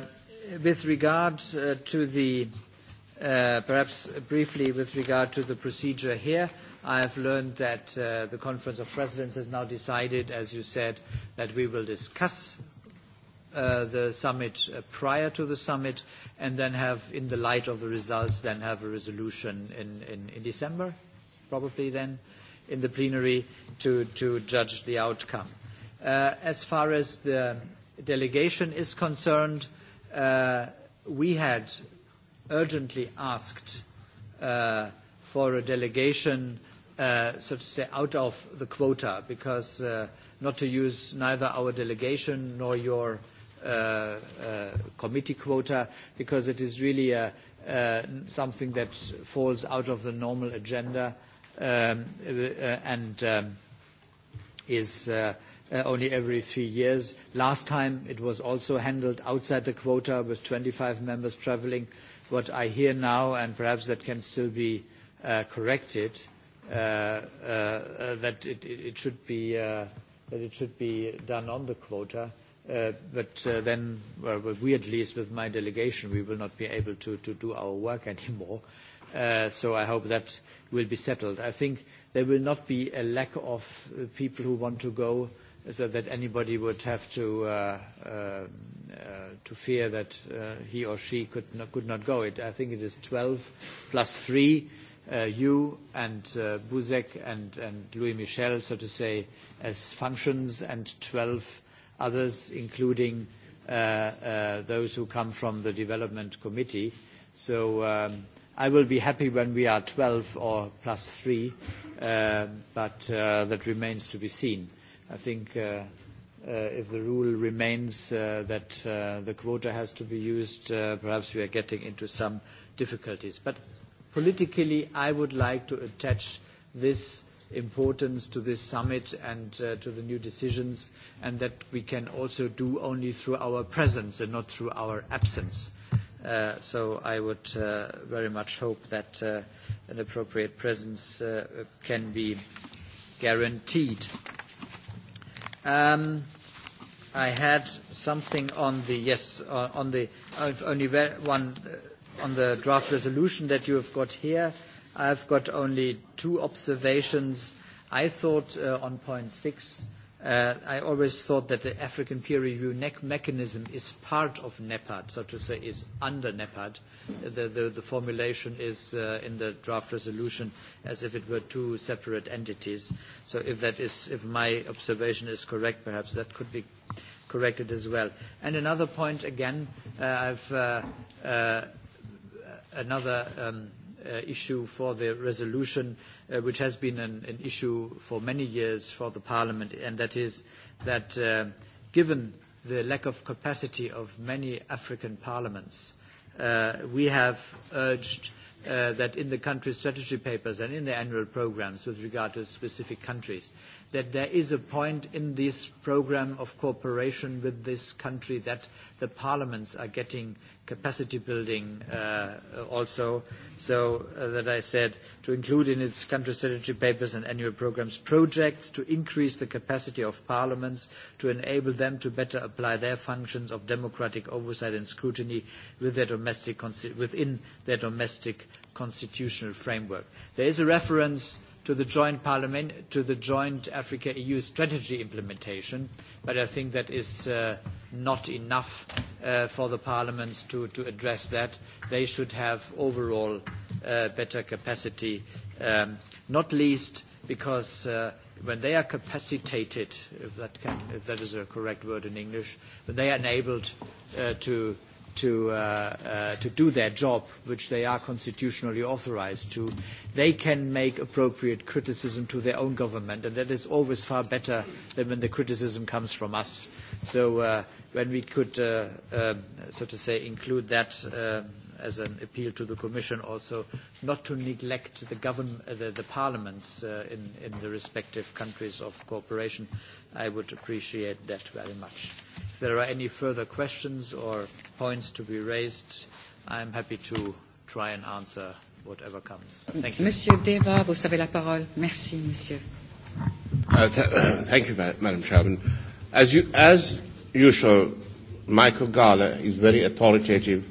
with regard uh, to the Uh, perhaps briefly with regard to the procedure here, I have learned that uh, the Conference of Presidents has now decided, as you said, that we will discuss uh, the summit uh, prior to the summit and then have, in the light of the results, then have a resolution in, in, in December probably then in the plenary to, to judge the outcome. Uh, as far as the delegation is concerned, uh, we had urgently asked uh, for a delegation, uh, so to say, out of the quota, because uh, not to use neither our delegation nor your uh, uh, committee quota, because it is really a, uh, uh, something that falls out of the normal agenda. Uh, Um, uh, and um, is uh, uh, only every three years. Last time it was also handled outside the quota with 25 members traveling. What I hear now, and perhaps that can still be uh, corrected, uh, uh, that it, it, should be, uh, that it should be done on the quota. Uh, but uh, then, well, we at least with my delegation, we will not be able to, to do our work anymore. Uh, so I hope that will be settled. I think there will not be a lack of uh, people who want to go so that anybody would have to, uh, uh, to fear that he or she could not, could not go. I think it is 12 plus 3, you and Buzek and, Louis Michel, so to say, as functions, and 12 others, including those who come from the development committee. So um, I will be happy when we are 12 or plus 3, uh, but uh, that remains to be seen. I think uh, if the rule remains that the quota has to be used, perhaps we are getting into some difficulties. But politically, I would like to attach this importance to this summit and to the new decisions, and that we can also do only through our presence and not through our absence. Uh, so I would uh, very much hope that uh, an appropriate presence uh, can be guaranteed. Um, I had something on the yes on the only one uh, on the draft resolution that you have got here. I've got only two observations. I thought on point six Uh, I always thought that the African peer review nec mechanism is part of NEPAD, so to say, is under NEPAD. The, the, the formulation is uh, in the draft resolution as if it were two separate entities. So if that is, if my observation is correct, perhaps that could be corrected as well. And another point, again, uh, I've uh, uh, another. Um, uh, issue for the resolution, uh, which has been an, an issue for many years for the Parliament, and that is that uh, given the lack of capacity of many African parliaments, uh, we have urged uh, that in the country strategy papers and in the annual programs with regard to specific countries, that there is a point in this program of cooperation with this country that the parliaments are getting capacity building uh, also. So uh, that I said to include in its country strategy papers and annual programs projects to increase the capacity of parliaments to enable them to better apply their functions of democratic oversight and scrutiny within their domestic constitutional framework. There is a reference to the joint parliament to the joint Africa EU strategy implementation, but I think that is uh, not enough uh, for the parliaments to, to address that. They should have overall uh, better capacity, um, not least because uh, when they are capacitated, if that, can, if that is a correct word in English, when they are enabled uh, to to, uh, uh, to do their job, which they are constitutionally authorized to, they can make appropriate criticism to their own government, and that is always far better than when the criticism comes from us. So uh, when we could, uh, uh, so to say, include that uh, as an appeal to the Commission also not to neglect the, govern- uh, the, the parliaments uh, in, in the respective countries of cooperation, uh, I would appreciate that very much. If there are any further questions or points to be raised, I'm happy to try and answer whatever comes. Thank you. Monsieur Deva, vous avez la parole. Merci, monsieur. Uh, th uh, thank you, Madam Chairman. As, you, as usual, Michael Gala is very authoritative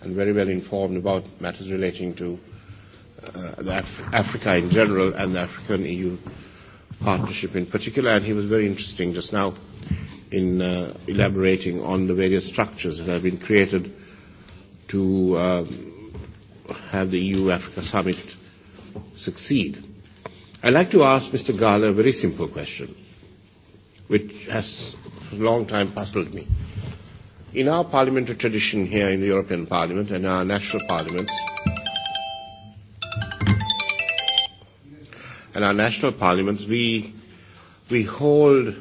and very well informed about matters relating to uh, the Af- Africa in general and the African EU partnership in particular, and he was very interesting just now in uh, elaborating on the various structures that have been created to uh, have the EU-Africa summit succeed. I'd like to ask Mr. Gala a very simple question, which has for a long time puzzled me. In our parliamentary tradition here in the European Parliament and our national parliaments, and our national parliaments, we, we hold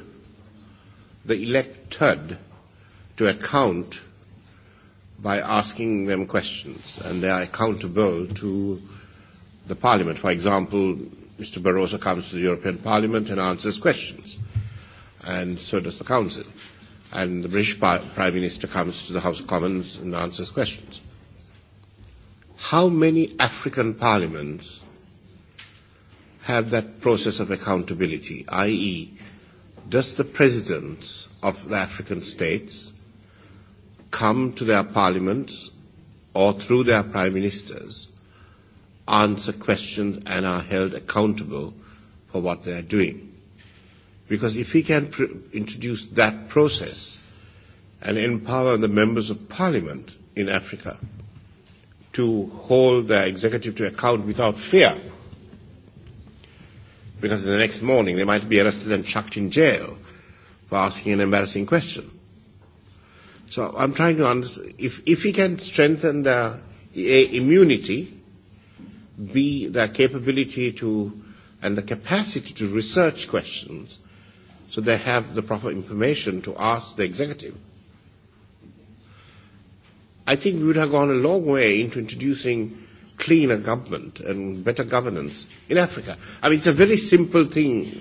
the elected to account by asking them questions, and they are accountable to the parliament. For example, Mr. Barroso comes to the European Parliament and answers questions, and so does the Council. And the British Prime Minister comes to the House of Commons and answers questions. How many African parliaments have that process of accountability, i.e., does the presidents of the African states come to their parliaments or through their prime ministers answer questions and are held accountable for what they are doing? Because if we can pr- introduce that process and empower the members of parliament in Africa to hold their executive to account without fear, because the next morning they might be arrested and chucked in jail for asking an embarrassing question. So I'm trying to understand if, if we can strengthen the A, immunity, B, the capability to and the capacity to research questions so they have the proper information to ask the executive. I think we would have gone a long way into introducing cleaner government and better governance in Africa. I mean, it's a very simple thing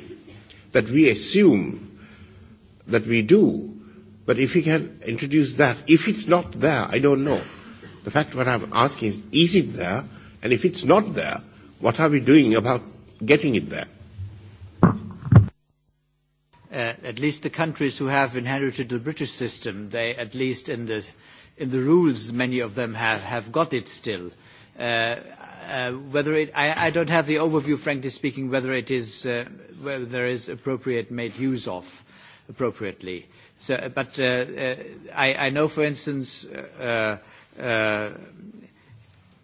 that we assume that we do, but if we can introduce that, if it's not there, I don't know. The fact what I'm asking is, is it there? And if it's not there, what are we doing about getting it there? Uh, at least the countries who have inherited the British system, they at least in the, in the rules many of them have, have got it still. Uh, uh, whether it, I, I don't have the overview, frankly speaking, whether it is uh, whether there is appropriate made use of appropriately. So, uh, but uh, uh, I, I know, for instance, uh, uh,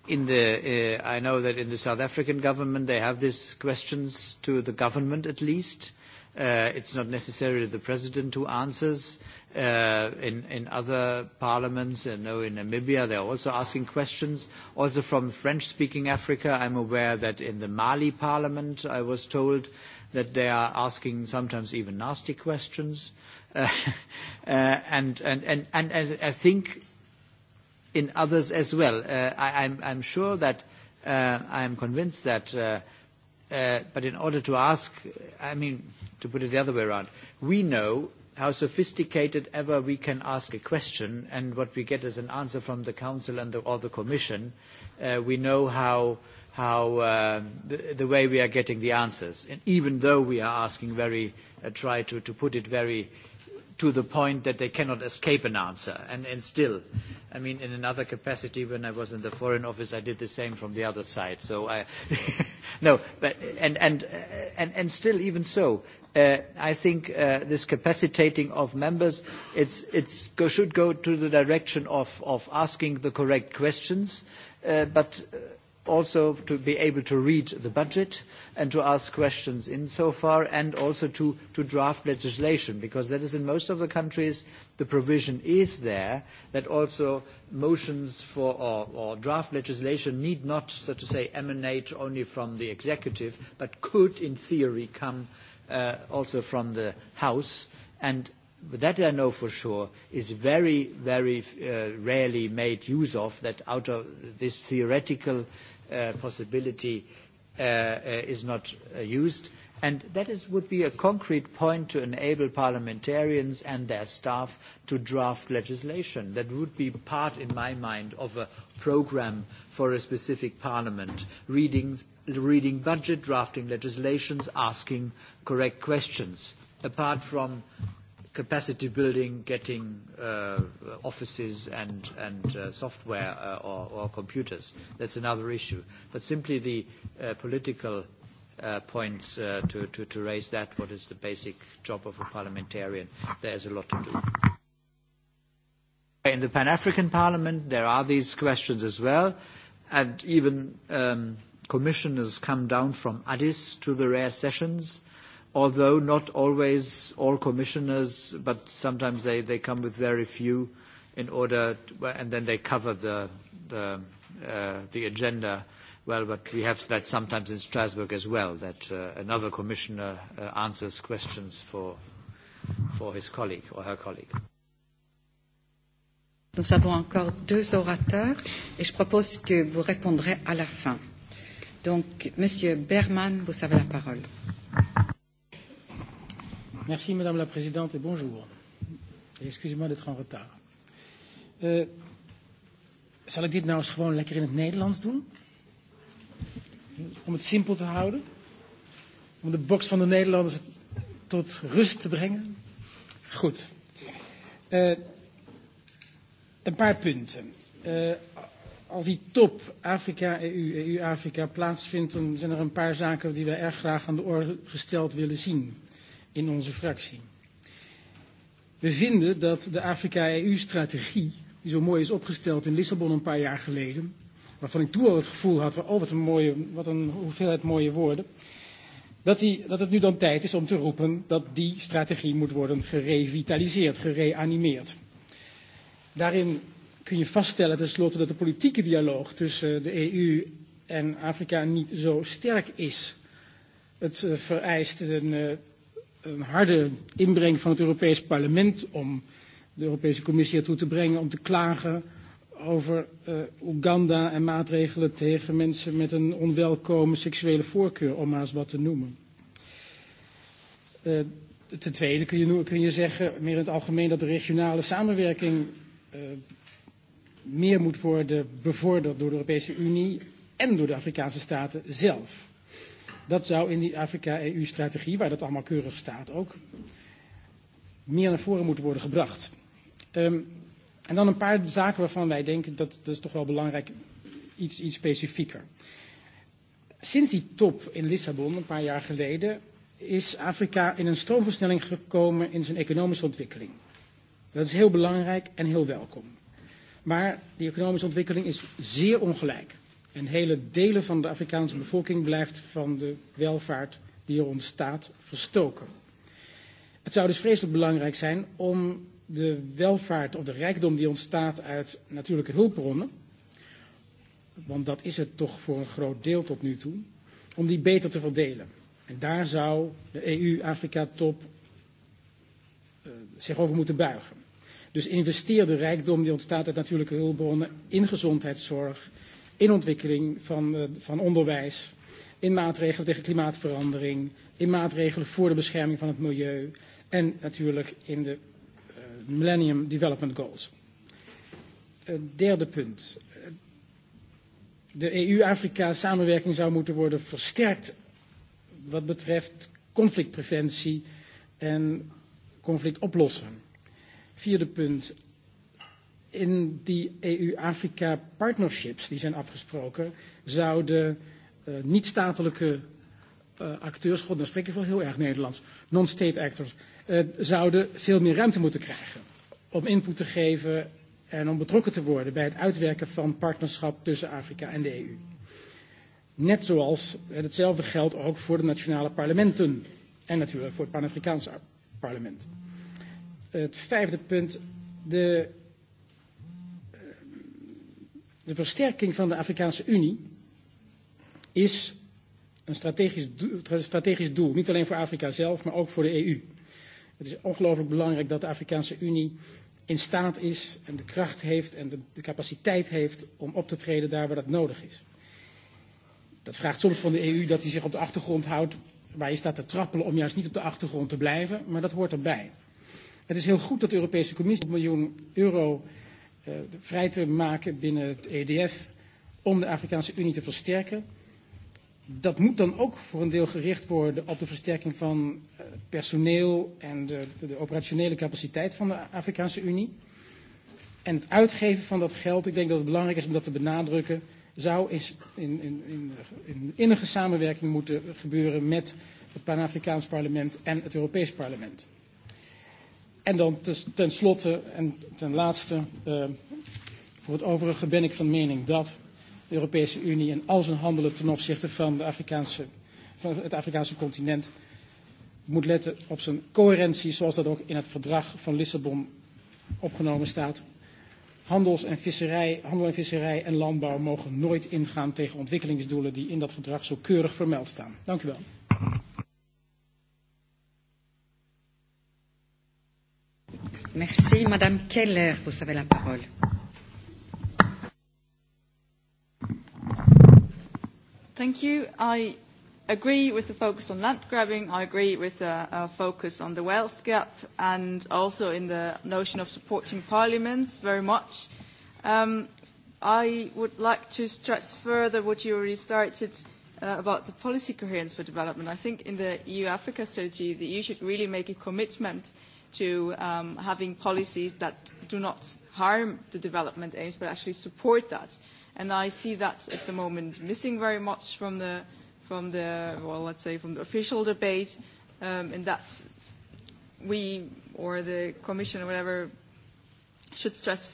in the uh, I know that in the South African government they have these questions to the government at least. Uh, it's not necessarily the president who answers. Uh, in, in other parliaments. I uh, know in Namibia they're also asking questions. Also from French-speaking Africa, I'm aware that in the Mali parliament, I was told that they are asking sometimes even nasty questions. Uh, uh, and, and, and, and I think in others as well. Uh, I, I'm, I'm sure that I am convinced that but in order to ask, I mean, to put it the other way around, we know how sophisticated ever we can ask a question and what we get as an answer from the council and the, or the commission, uh, we know how, how uh, the, the, way we are getting the answers. And even though we are asking very, uh, try to, to put it very to the point that they cannot escape an answer. And, and still, I mean, in another capacity, when I was in the Foreign Office, I did the same from the other side. So I, no, but, and, and, and, and still, even so, Uh, I think uh, this capacitating of members should go to the direction of, asking the correct questions, uh, but also to be able to read the budget and to ask questions insofar and also to, draft legislation because that is in most of the countries the provision is there that also motions for or, draft legislation need not, so to say, emanate only from the executive but could in theory come uh, also from the House, and that I know for sure is very, very uh, rarely made use of, that out of this theoretical uh, possibility uh, uh is not uh, used. And that is, would be a concrete point to enable parliamentarians and their staff to draft legislation. That would be part, in my mind, of a program for a specific parliament, readings, reading budget, drafting legislations, asking correct questions, apart from capacity building, getting uh, offices and, and uh, software uh, or, or computers. That's another issue. But simply the uh, political uh, points uh, to, to, to raise that, what is the basic job of a parliamentarian, there is a lot to do. In the Pan-African Parliament, there are these questions as well, and even um, – commissioners come down from Addis to the rare sessions, although not always all commissioners, but sometimes they, they come with very few in order, to, and then they cover the, the, uh, the agenda well, but we have that sometimes in Strasbourg as well, that uh, another commissioner uh, answers questions for, for his colleague or her colleague. Nous avons encore deux orateurs et je propose que vous répondrez à la fin. Donc, Monsieur Berman, vous avez la parole. Merci, Madame la Présidente, et bonjour. Excusez-moi d'être en retard. Euh, zal ik dit nou eens gewoon lekker in het Nederlands doen? Om het simpel te houden? Om de box van de Nederlanders tot rust te brengen? Goed. Uh, een paar punten. Uh, als die top Afrika-EU, EU-Afrika e e plaatsvindt, dan zijn er een paar zaken die wij erg graag aan de orde gesteld willen zien in onze fractie. We vinden dat de Afrika-EU-strategie, die zo mooi is opgesteld in Lissabon een paar jaar geleden, waarvan ik toen al het gevoel had van, oh wat een, mooie, wat een hoeveelheid mooie woorden, dat, die, dat het nu dan tijd is om te roepen dat die strategie moet worden gerevitaliseerd, gereanimeerd. Daarin kun je vaststellen tenslotte dat de politieke dialoog tussen eh, de EU en Afrika niet zo sterk is. Het eh, vereist een, eh, een harde inbreng van het Europees Parlement om de Europese Commissie ertoe te brengen om te klagen over uh, Oeganda en maatregelen tegen mensen met een onwelkome seksuele voorkeur, om maar eens wat te noemen. Uh, ten tweede kun je, kun je zeggen, meer in het algemeen, dat de regionale samenwerking uh, meer moet worden bevorderd door de Europese Unie en door de Afrikaanse staten zelf. Dat zou in die Afrika-EU-strategie, waar dat allemaal keurig staat ook, meer naar voren moeten worden gebracht. Um, en dan een paar zaken waarvan wij denken dat dat is toch wel belangrijk, iets, iets specifieker. Sinds die top in Lissabon een paar jaar geleden is Afrika in een stroomversnelling gekomen in zijn economische ontwikkeling. Dat is heel belangrijk en heel welkom. Maar die economische ontwikkeling is zeer ongelijk. En hele delen van de Afrikaanse bevolking blijft van de welvaart die er ontstaat verstoken. Het zou dus vreselijk belangrijk zijn om de welvaart of de rijkdom die ontstaat uit natuurlijke hulpbronnen, want dat is het toch voor een groot deel tot nu toe, om die beter te verdelen. En daar zou de EU-Afrika-top uh, eh, zich over moeten buigen. Dus investeer de rijkdom die ontstaat uit natuurlijke hulpbronnen in gezondheidszorg, in ontwikkeling van, uh, van onderwijs, in maatregelen tegen klimaatverandering, in maatregelen voor de bescherming van het milieu en natuurlijk in de uh, Millennium Development Goals. Uh, derde punt. De EU-Afrika-samenwerking zou moeten worden versterkt wat betreft conflictpreventie en conflictoplossing. Vierde punt. In die EU-Afrika-partnerships die zijn afgesproken, zouden uh, niet-statelijke uh, acteurs, god, dan spreek ik wel heel erg Nederlands, non-state actors, uh, zouden veel meer ruimte moeten krijgen om input te geven en om betrokken te worden bij het uitwerken van partnerschap tussen Afrika en de EU. Net zoals uh, hetzelfde geldt ook voor de nationale parlementen en natuurlijk voor het Pan-Afrikaanse parlement. Het vijfde punt, de, eh, de versterking van de Afrikaanse Unie is een strategisch, doel, strategisch doel, niet alleen voor Afrika zelf, maar ook voor de EU. Het is ongelooflijk belangrijk dat de Afrikaanse Unie in staat is en de kracht heeft en de, de capaciteit heeft om op te treden daar waar dat nodig is. Dat vraagt soms van de EU dat hij zich op de achtergrond houdt, waar je staat te trappelen om juist niet op de achtergrond te blijven, maar dat hoort erbij. Het is heel goed dat de Europese Commissie 100 miljoen euro uh, vrij te maken binnen het EDF om de Afrikaanse Unie te versterken. Dat moet dan ook voor een deel gericht worden op de versterking van het eh, personeel en de, de, de operationele capaciteit van de Afrikaanse Unie. En het uitgeven van dat geld, ik denk dat het belangrijk is om dat te benadrukken, zou in, in, in, in innige samenwerking moeten gebeuren met het Pan-Afrikaans parlement en het Europees parlement. En dan ten en ten laatste, uh, voor het overige ben ik van mening dat de Europese Unie en al zijn handelen ten opzichte van, de Afrikaanse, van het Afrikaanse continent moet letten op zijn coherentie, zoals dat ook in het verdrag van Lissabon opgenomen staat. Handels en visserij, handel en visserij en landbouw mogen nooit ingaan tegen ontwikkelingsdoelen die in dat verdrag zo keurig vermeld staan. Dank u wel. Merci. Madame Keller, vous avez la parole. Thank you. I agree with the focus on land grabbing. I agree with the uh, uh, focus on the wealth gap and also in the notion of supporting parliaments very much. Um, I would like to stress further what you already started uh, about the policy coherence for development. I think in the EU-Africa strategy that you should really make a commitment uh, to um, having policies that do not harm the development aims but actually support that. And I see that at the moment missing very much from the, from the well, let's say, from the official debate, um, and that we or the Commission or whatever should stress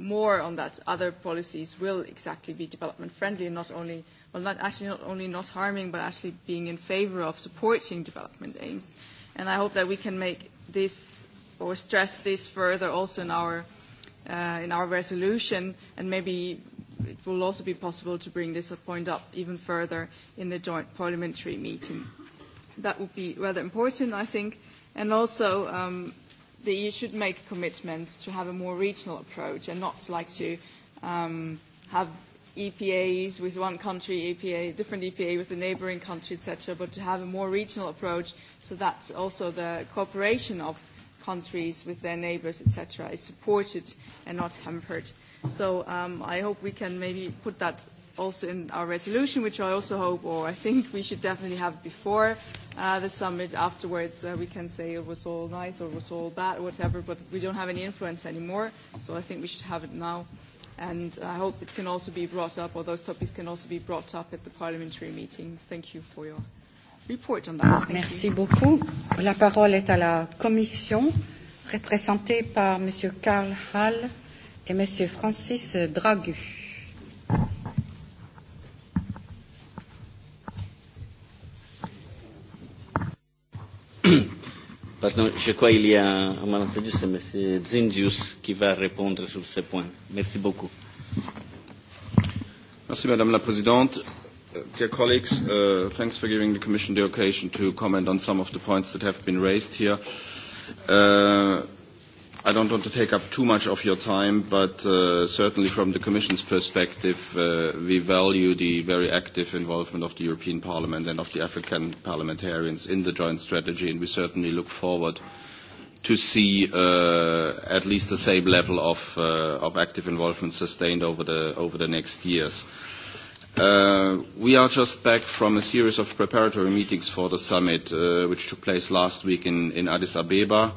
more on that other policies will exactly be development friendly and not only well not actually not only not harming but actually being in favor of supporting development aims and i hope that we can make this or stress this further also in our, uh, in our resolution, and maybe it will also be possible to bring this point up even further in the joint parliamentary meeting. That would be rather important, I think. And also, um, the EU should make commitments to have a more regional approach and not like to um, have EPAs with one country, EPA, different EPA with a neighboring country, etc., but to have a more regional approach so that also the cooperation of countries, with their neighbours, etc., is supported and not hampered. So um, I hope we can maybe put that also in our resolution, which I also hope, or I think we should definitely have before uh, the summit. Afterwards, uh, we can say it was all nice or it was all bad or whatever, but we don't have any influence anymore. So I think we should have it now. And I hope it can also be brought up, or those topics can also be brought up at the parliamentary meeting. Thank you for your report on that. Ah, merci beaucoup. La parole est à la Commission, représentée par M. Karl Hall et M. Francis Dragu. Pardon, je crois qu'il y a un malentendu, c'est M. Zindius qui va répondre sur ce point. Merci beaucoup. Merci Madame la Présidente. Dear colleagues, uh, thanks for giving the Commission the occasion to comment on some of the points that have been raised here. Uh, I don't want to take up too much of your time, but uh, certainly from the Commission's perspective, uh, we value the very active involvement of the European Parliament and of the African parliamentarians in the joint strategy, and we certainly look forward to see uh, at least the same level of, uh, of active involvement sustained over the, over the next years. Uh, we are just back from a series of preparatory meetings for the summit, uh, which took place last week in, in Addis Abeba.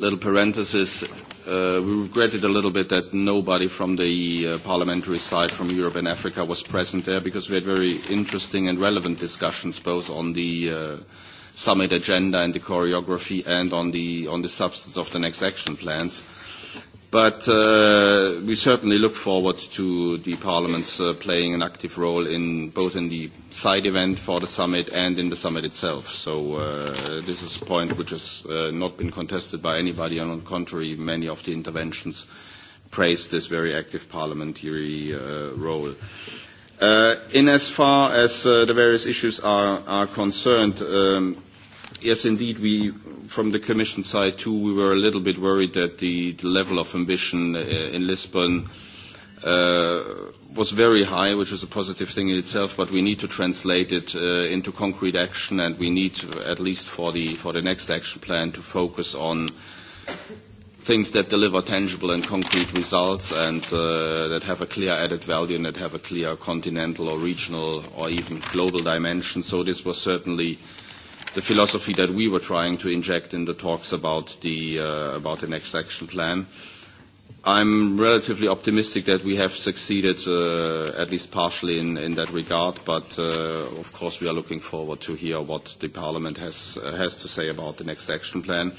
Little parenthesis, uh, we regretted a little bit that nobody from the uh, parliamentary side from Europe and Africa was present there because we had very interesting and relevant discussions both on the uh, summit agenda and the choreography and on the, on the substance of the next action plans But uh, we certainly look forward to the Parliament's uh, playing an active role in both in the side event for the summit and in the summit itself. So uh, this is a point which has uh, not been contested by anybody, and on the contrary, many of the interventions praise this very active parliamentary uh, role. Uh, in as far as uh, the various issues are, are concerned, um, yes, indeed, we from the Commission side too, we were a little bit worried that the, the level of ambition uh, in Lisbon uh, was very high, which is a positive thing in itself, but we need to translate it uh, into concrete action, and we need, to, at least for the, for the next action plan, to focus on things that deliver tangible and concrete results and uh, that have a clear added value and that have a clear continental or regional or even global dimension. So this was certainly uh, the philosophy that we were trying to inject in the talks about the, uh, about the next action plan. I'm relatively optimistic that we have succeeded, uh, at least partially, in, in that regard. But uh, of course, we are looking forward to hear what the Parliament has uh, has to say about the next action plan.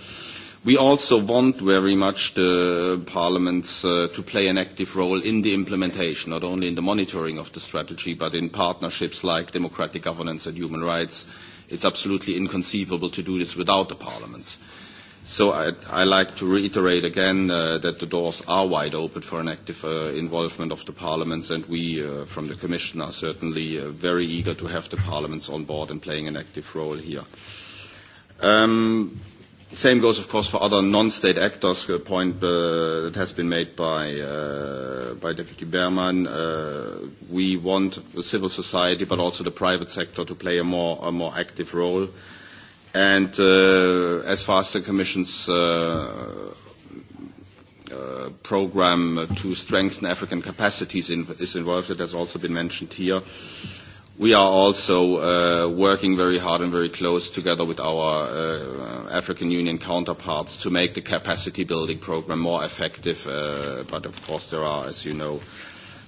We also want very much the parliaments uh, to play an active role in the implementation, not only in the monitoring of the strategy, but in partnerships like democratic governance and human rights, It's absolutely inconceivable to do this without the parliaments. So I, I like to reiterate again uh, that the doors are wide open for an active uh, involvement of the parliaments, and we uh, from the Commission are certainly uh, very eager to have the parliaments on board and playing an active role here. Um, Same goes, of course, for other non-state actors, a point uh, that has been made by, uh, by Deputy Berman. Uh, we want civil society, but also the private sector, to play a more, a more active role. And uh, as far as the Commission's uh, uh, program to strengthen African capacities in, is involved, it has also been mentioned here. Uh, We are also uh, working very hard and very close together with our uh, African Union counterparts to make the capacity building program more effective. Uh, but of course, there are, as you know,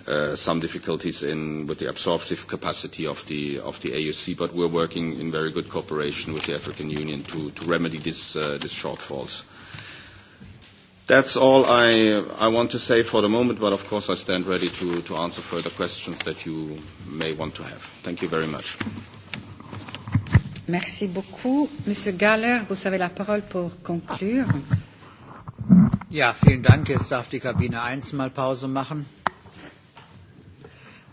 uh, some difficulties in, with the absorptive capacity of the, of the AUC. But we're working in very good cooperation with the African Union to, to remedy this, uh, this shortfalls. Uh, That's all I, I want to say for the moment, but of course I stand ready to, to answer further questions that you may want to have. Thank you very much. Merci beaucoup. Monsieur Galler, vous avez la parole pour conclure. Ja, vielen Dank. Jetzt darf die Kabine 1 mal Pause machen.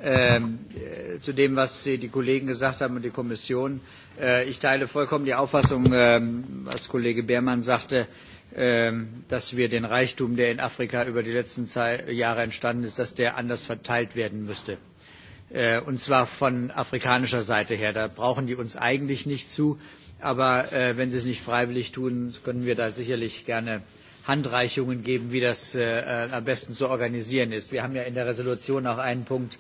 Ähm, äh, zu dem, was die, die Kollegen gesagt haben und die Kommission. Äh, ich teile vollkommen die Auffassung, ähm, was Kollege Beermann sagte. Äh, Ähm, dass wir den Reichtum, der in Afrika über die letzten Jahre entstanden ist, dass der anders verteilt werden müsste. Äh, und zwar von afrikanischer Seite her. Da brauchen die uns eigentlich nicht zu. Aber äh, wenn sie es nicht freiwillig tun, können wir da sicherlich gerne Handreichungen geben, wie das äh, am besten zu organisieren ist. Wir haben ja in der Resolution auch einen Punkt,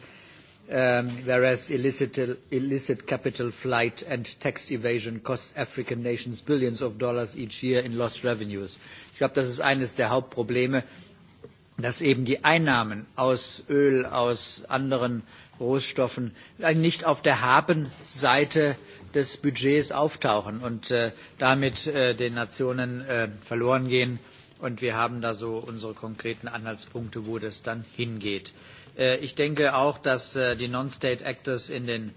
Um, whereas illicit, illicit capital flight and tax evasion costs African nations billions of dollars each year in lost revenues. Ich glaube, das ist eines der Hauptprobleme, dass eben die Einnahmen aus Öl, aus anderen Rohstoffen nicht auf der Habenseite des Budgets auftauchen und äh, damit äh, den Nationen äh, verloren gehen. Und wir haben da so unsere konkreten Anhaltspunkte, wo das dann hingeht. Äh, ich denke auch, dass äh, die Non-State Actors in den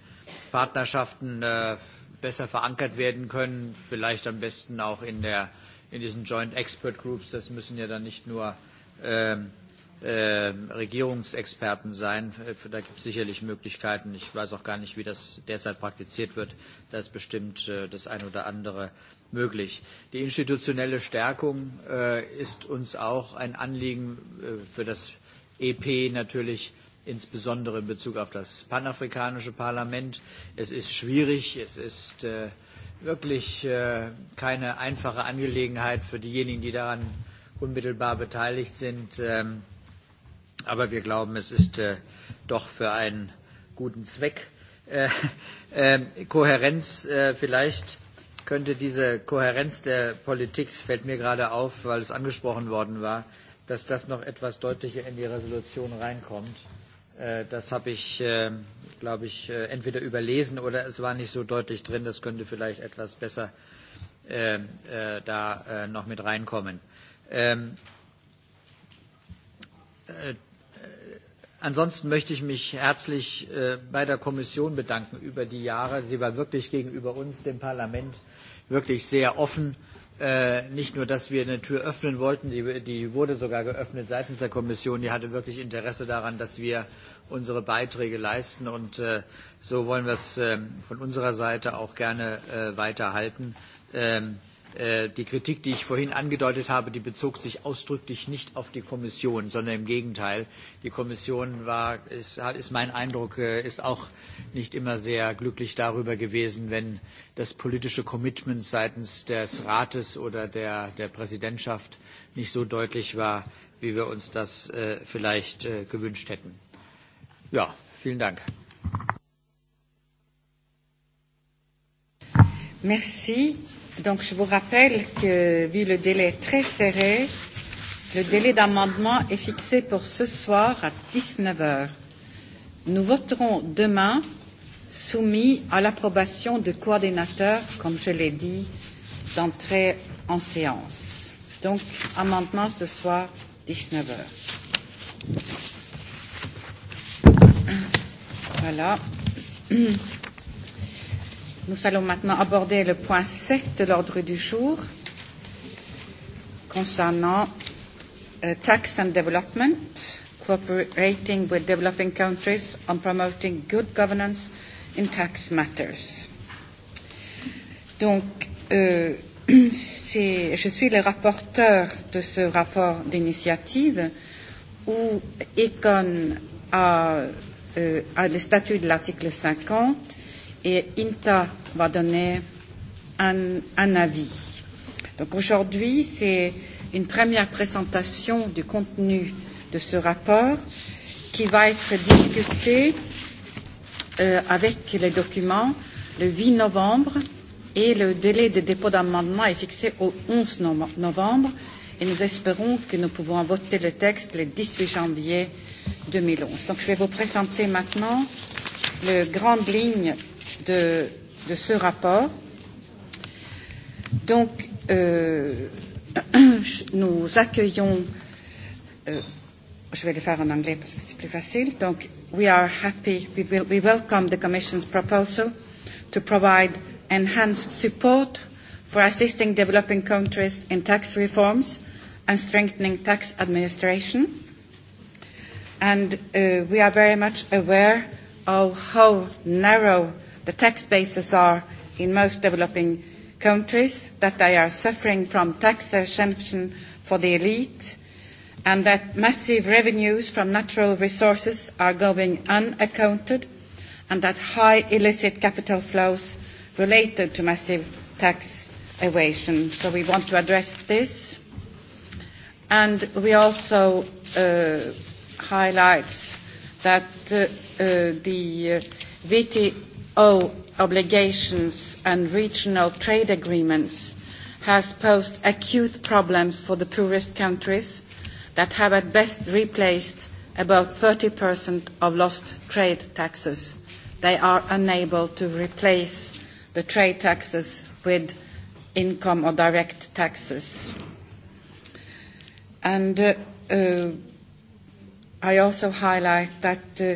Partnerschaften äh, besser verankert werden können, vielleicht am besten auch in, der, in diesen Joint Expert Groups. Das müssen ja dann nicht nur ähm, äh, Regierungsexperten sein. Da gibt es sicherlich Möglichkeiten. Ich weiß auch gar nicht, wie das derzeit praktiziert wird. Da ist bestimmt äh, das eine oder andere möglich. Die institutionelle Stärkung äh, ist uns auch ein Anliegen äh, für das EP natürlich insbesondere in Bezug auf das panafrikanische Parlament. Es ist schwierig, es ist äh, wirklich äh, keine einfache Angelegenheit für diejenigen, die daran unmittelbar beteiligt sind. Ähm, aber wir glauben, es ist äh, doch für einen guten Zweck. Äh, äh, Kohärenz äh, vielleicht könnte diese Kohärenz der Politik, fällt mir gerade auf, weil es angesprochen worden war, äh, dass das noch etwas deutlicher in die Resolution reinkommt. Äh, das habe ich, äh, glaube ich, äh, entweder überlesen oder es war nicht so deutlich drin. Das könnte vielleicht etwas besser ähm, da noch mit reinkommen. Ähm, ansonsten möchte ich mich herzlich bei der Kommission bedanken über die Jahre. Sie war wirklich gegenüber uns, dem Parlament, wirklich sehr offen Äh, nicht nur, dass wir eine Tür öffnen wollten, die, die wurde sogar geöffnet seitens der Kommission, die hatte wirklich Interesse daran, dass wir unsere Beiträge leisten und äh, so wollen wir es äh, von unserer Seite auch gerne äh, weiterhalten. Ähm, Äh, die Kritik, die ich vorhin angedeutet habe, die bezog sich ausdrücklich nicht auf die Kommission, sondern im Gegenteil. Die Kommission war, ist, ist mein Eindruck, äh, ist auch nicht immer sehr glücklich darüber gewesen, wenn das politische Commitment seitens des Rates oder der, der Präsidentschaft nicht so deutlich war, wie wir uns das äh, vielleicht äh, gewünscht hätten. Ja, vielen Dank. Merci. Donc je vous rappelle que, vu le délai très serré, le délai d'amendement est fixé pour ce soir à 19 heures. Nous voterons demain, soumis à l'approbation de coordinateur, comme je l'ai dit, d'entrée en séance. Donc, amendement ce soir, 19 heures. Voilà. Nous allons maintenant aborder le point 7 de l'ordre du jour concernant uh, tax and development, cooperating with developing countries on promoting good governance in tax matters. Donc, euh, je suis le rapporteur de ce rapport d'initiative où Econ a, euh, a le statut de l'article 50 et INTA va donner un, un avis. Donc aujourd'hui, c'est une première présentation du contenu de ce rapport qui va être discuté euh, avec les documents le 8 novembre et le délai de dépôt d'amendement est fixé au 11 novembre et nous espérons que nous pouvons voter le texte le 18 janvier 2011. Donc je vais vous présenter maintenant les grandes lignes de, de ce rapport. Donc, euh, nous accueillons, euh, je vais le faire en anglais parce que c'est plus facile. Donc, we are happy, we, will, we welcome the Commission's proposal to provide enhanced support for assisting developing countries in tax reforms and strengthening tax administration. And uh, we are very much aware of how narrow The tax bases are, in most developing countries, that they are suffering from tax exemption for the elite, and that massive revenues from natural resources are going unaccounted, and that high illicit capital flows related to massive tax evasion. So we want to address this. And we also uh, highlight that uh, uh, the uh, VT owe obligations and regional trade agreements has posed acute problems for the poorest countries that have at best replaced about 30% of lost trade taxes. They are unable to replace the trade taxes with income or direct taxes. Uh, uh, I also highlight that uh,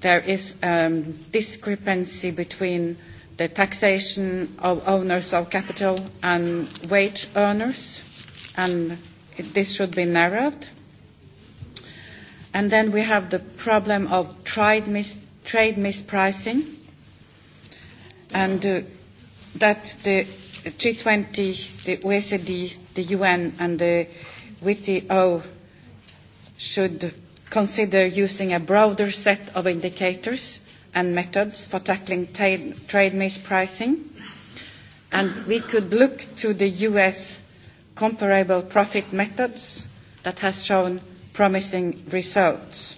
there is um, discrepancy between the taxation of owners of capital and wage earners, and this should be narrowed. And then we have the problem of trade, mis- trade mispricing, and uh, that the G20, the OECD, the UN, and the WTO should consider using a broader set of indicators and methods for tackling trade mispricing. And we could look to the U.S. comparable profit methods that has shown promising results.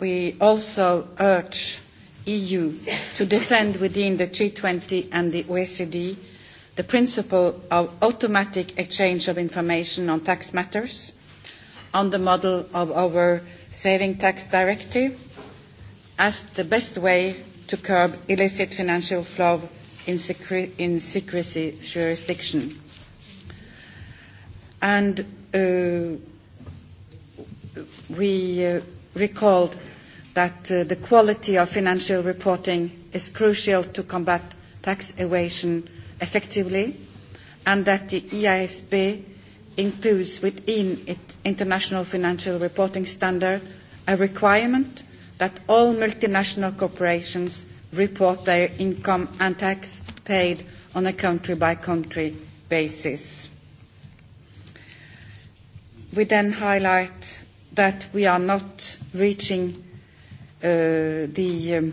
We also urge EU to defend within the G20 and the OECD the principle of automatic exchange of information on tax matters on the model of our saving tax directive as the best way to curb illicit financial flow in, secre- in secrecy jurisdiction. And uh, we uh, recalled that uh, the quality of financial reporting is crucial to combat tax evasion effectively, and that the EISB includes within its international financial reporting standard a requirement that all multinational corporations report their income and tax paid on a country-by-country basis. We then highlight that we are not reaching uh, the, um,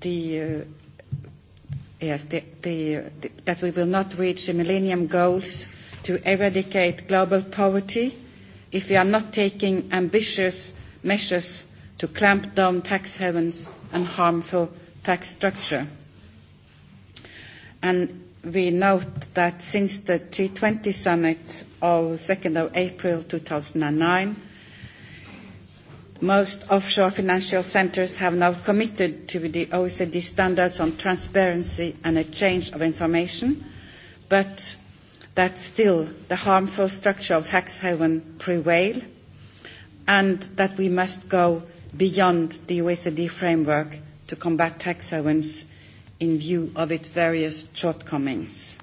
the, uh, yes, the, the, uh, the, that we will not reach the Millennium Goals to eradicate global poverty if we are not taking ambitious measures to clamp down tax havens and harmful tax structure. And we note that since the G20 summit of 2nd of April 2009, most offshore financial centres have now committed to the OECD standards on transparency and exchange of information, but that still the harmful structure of tax haven prevail and that we must go beyond the OECD framework to combat tax havens in view of its various shortcomings.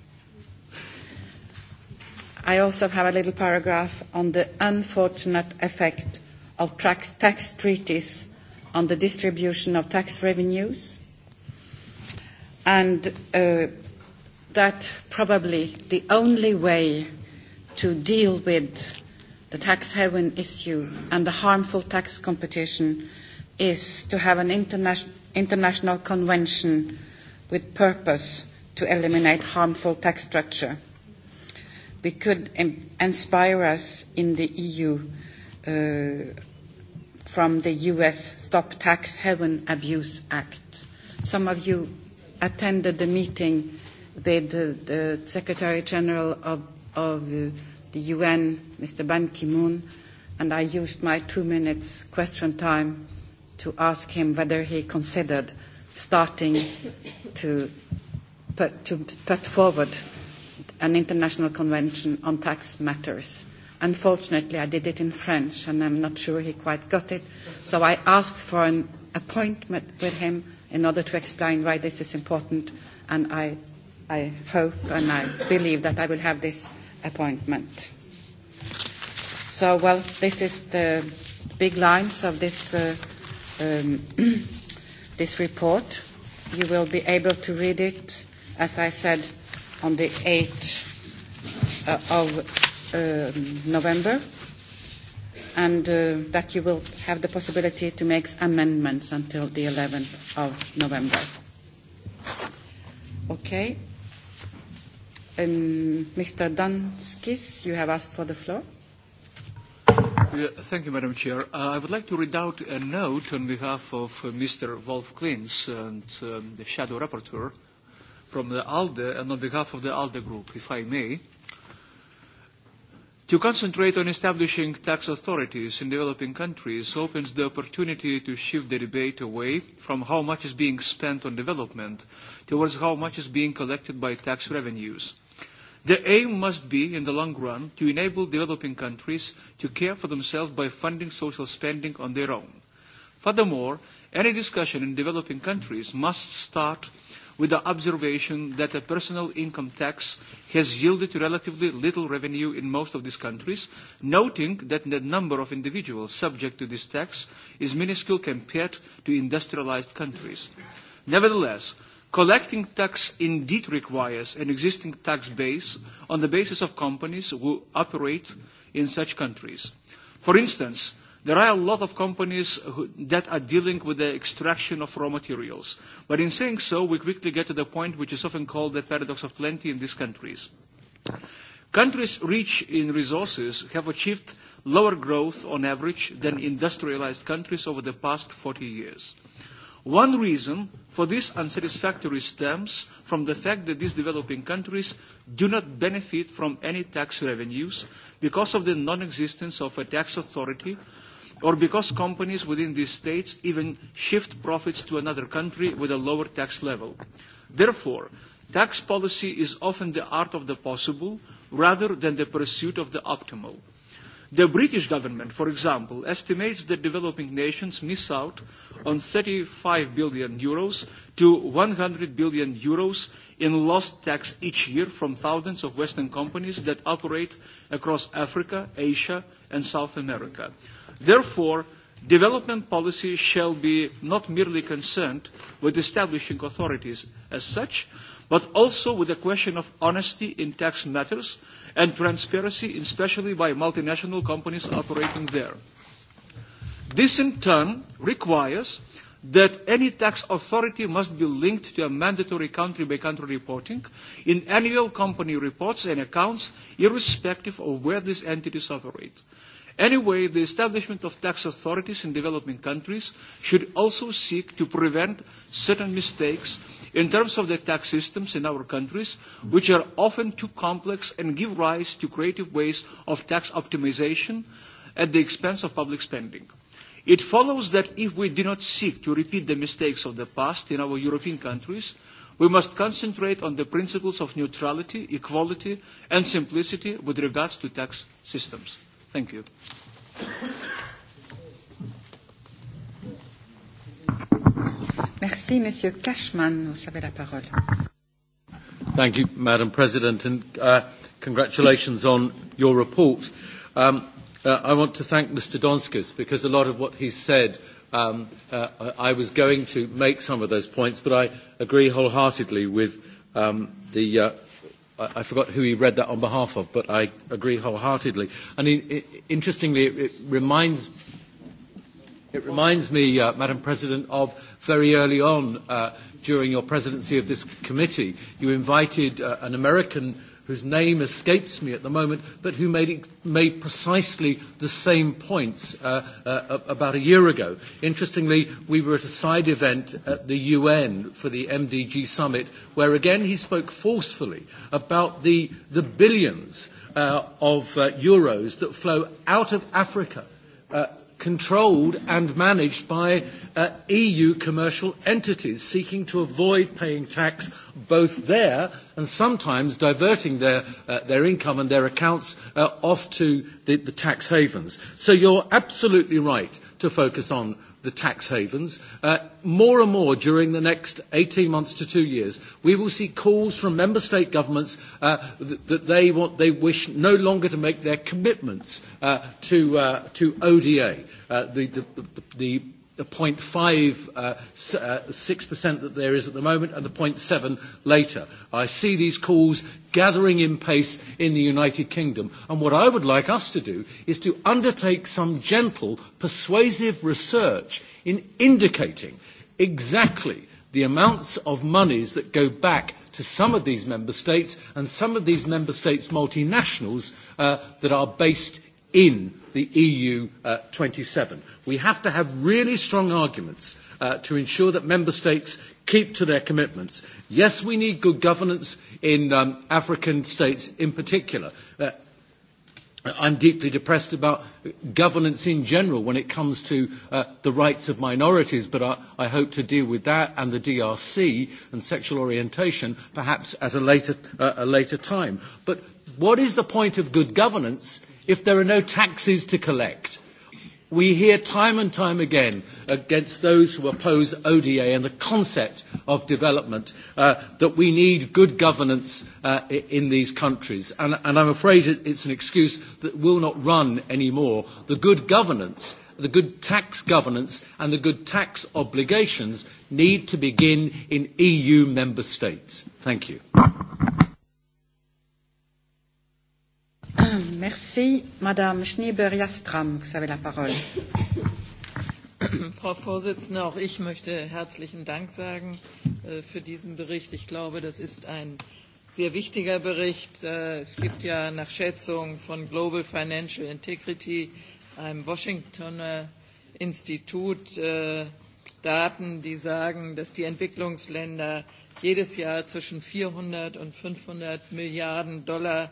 I also have a little paragraph on the unfortunate effect of tax, tax treaties on the distribution of tax revenues. And uh, that probably the only way to deal with the tax haven issue and the harmful tax competition is to have an interna international convention with purpose to eliminate harmful tax structure. We could inspire us in the EU uh, from the US Stop Tax Haven Abuse Act. Some of you attended the meeting the, the, the Secretary General of, of uh, the UN, Mr. Ban Ki-moon, and I used my two minutes question time to ask him whether he considered starting to put, to put forward an international convention on tax matters. Unfortunately, I did it in French, and I'm not sure he quite got it. So I asked for an appointment with him in order to explain why this is important, and I I hope and I believe that I will have this appointment. So, well, this is the big lines of this, uh, um, this report. You will be able to read it, as I said, on the 8th uh, of um, November, and uh, that you will have the possibility to make amendments until the 11th of November. Okay. Mr. Um, Donskis, you have asked for the floor. Yeah, thank you, Madam Chair. Uh, I would like to read out a note on behalf of uh, Mr. Wolf Klintz and um, the Shadow Rapporteur from the ALDE and on behalf of the ALDE Group, if I may. To concentrate on establishing tax authorities in developing countries opens the opportunity to shift the debate away from how much is being spent on development towards how much is being collected by tax revenues. The aim must be, in the long run, to enable developing countries to care for themselves by funding social spending on their own. Furthermore, any discussion in developing countries must start with the observation that a personal income tax has yielded relatively little revenue in most of these countries, noting that the number of individuals subject to this tax is minuscule compared to industrialized countries. Nevertheless, collecting tax indeed requires an existing tax base on the basis of companies who operate in such countries. For instance, There are a lot of companies who, that are dealing with the extraction of raw materials. But in saying so, we quickly get to the point which is often called the paradox of plenty in these countries. Countries rich in resources have achieved lower growth on average than industrialized countries over the past 40 years. One reason for this unsatisfactory stems from the fact that these developing countries do not benefit from any tax revenues because of the non-existence of a tax authority or because companies within these states even shift profits to another country with a lower tax level. Therefore, tax policy is often the art of the possible rather than the pursuit of the optimal. The British government, for example, estimates that developing nations miss out on 35 billion euros to 100 billion euros in lost tax each year from thousands of Western companies that operate across Africa, Asia, and South America. Therefore, development policy shall be not merely concerned with establishing authorities as such, but also with the question of honesty in tax matters and transparency, especially by multinational companies operating there. This in turn requires that any tax authority must be linked to a mandatory country-by-country -country reporting in annual company reports and accounts, irrespective of where these entities operate. Anyway, the establishment of tax authorities in developing countries should also seek to prevent certain mistakes in terms of the tax systems in our countries, which are often too complex and give rise to creative ways of tax optimization at the expense of public spending. It follows that if we do not seek to repeat the mistakes of the past in our European countries, we must concentrate on the principles of neutrality, equality, and simplicity with regards to tax systems. Thank you. Merci, Monsieur Cashman. Vous avez la parole. Thank you, Madam President, and uh, congratulations on your report. Um, uh, I want to thank Mr. Donskis because a lot of what he said um, uh, I was going to make some of those points, but I agree wholeheartedly with um, the, uh, I, forgot who he read that on behalf of, but I agree wholeheartedly. And it, it, interestingly, it, it reminds it reminds me, uh, Madam President, of very early on uh, during your presidency of this committee, you invited uh, an American whose name escapes me at the moment, but who made, made precisely the same points uh, uh, about a year ago. Interestingly, we were at a side event at the UN for the MDG summit, where again he spoke forcefully about the, the billions uh, of uh, euros that flow out of Africa uh, controlled and managed by uh, EU commercial entities seeking to avoid paying tax both there and sometimes diverting their, uh, their income and their accounts uh, off to the, the tax havens. So you're absolutely right to focus on the tax havens. Uh, more and more during the next 18 months to two years, we will see calls from member state governments uh, that, that they, want, they wish no longer to make their commitments uh, to, uh, to ODA. Uh, the, the, the, the the 0.56% uh, 6% uh, that there is at the moment and the 0.7 later. I see these calls gathering in pace in the United Kingdom. And what I would like us to do is to undertake some gentle, persuasive research in indicating exactly the amounts of monies that go back to some of these member states and some of these member states' multinationals uh, that are based in the EU uh, 27. We have to have really strong arguments uh, to ensure that member states keep to their commitments. Yes, we need good governance in um, African states in particular. Uh, I'm deeply depressed about governance in general when it comes to uh, the rights of minorities, but I, I hope to deal with that and the DRC and sexual orientation perhaps at a later, uh, a later time. But what is the point of good governance if there are no taxes to collect. We hear time and time again against those who oppose ODA and the concept of development uh, that we need good governance uh, in these countries. And, and I'm afraid it's an excuse that will not run anymore. The good governance, the good tax governance and the good tax obligations need to begin in EU member states. Thank you. Merci. Madame Schneeber-Jastram, vous avez la parole. Frau Vorsitzende, auch ich möchte herzlichen Dank sagen äh, für diesen Bericht. Ich glaube, das ist ein sehr wichtiger Bericht. Äh, es gibt ja nach Schätzung von Global Financial Integrity, einem Washingtoner Institut, äh, Daten, die sagen, dass die Entwicklungsländer jedes Jahr zwischen 400 und 500 Milliarden Dollar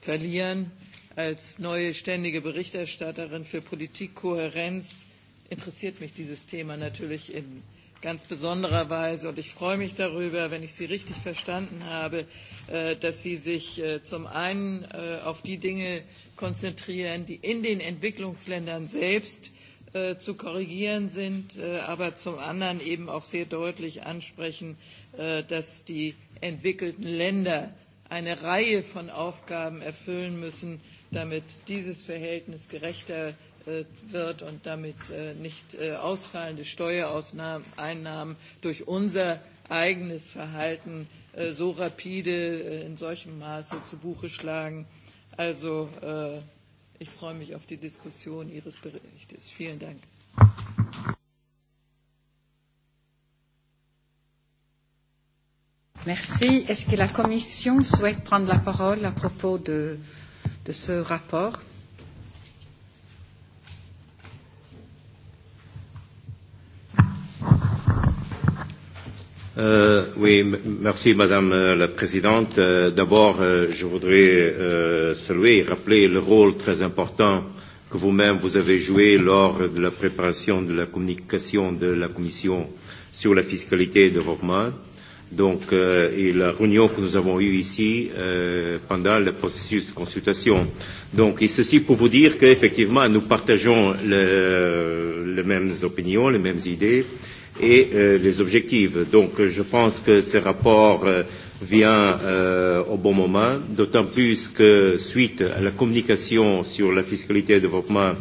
verlieren. Als neue ständige Berichterstatterin für Politikkohärenz interessiert mich dieses Thema natürlich in ganz besonderer Weise. Und ich freue mich darüber, wenn ich Sie richtig verstanden habe, äh, dass Sie sich äh, zum einen äh, auf die Dinge konzentrieren, die in den Entwicklungsländern selbst zu korrigieren sind, aber zum anderen eben auch sehr deutlich ansprechen, dass die entwickelten Länder eine Reihe von Aufgaben erfüllen müssen, damit dieses Verhältnis gerechter äh, wird und damit äh, nicht äh, ausfallende Steuereinnahmen durch unser eigenes Verhalten so rapide in solchem Maße zu Buche schlagen. Also ich freue mich auf die Diskussion Ihres Berichtes. Vielen Dank. Merci. Est-ce que la Commission souhaite prendre la parole à propos de, de ce rapport Euh, oui, merci Madame euh, la Présidente. Euh, D'abord, euh, je voudrais euh, saluer et rappeler le rôle très important que vous-même vous avez joué lors de la préparation de la communication de la Commission sur la fiscalité de développement. Euh, Donc, euh, et la réunion que nous avons eue ici euh, pendant le processus de consultation. Donc, et ceci pour vous dire qu'effectivement, nous partageons le, les mêmes opinions, les mêmes idées et euh, les objectifs. Donc, je pense que ce rapport euh, vient euh, au bon moment, d'autant plus que suite à la communication sur la fiscalité et le développement,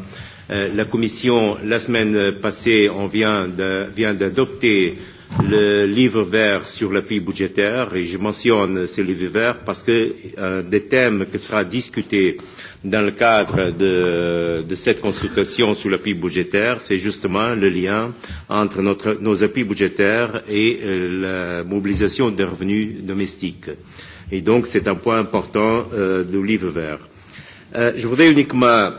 euh, la Commission, la semaine passée, on vient d'adopter vient le livre vert sur l'appui budgétaire et je mentionne ce livre vert parce que euh, des thèmes qui sera discuté dans le cadre de, de cette consultation sur l'appui budgétaire, c'est justement le lien entre notre, nos appuis budgétaires et euh, la mobilisation des revenus domestiques. Et donc c'est un point important euh, du livre vert. Euh, je voudrais uniquement euh,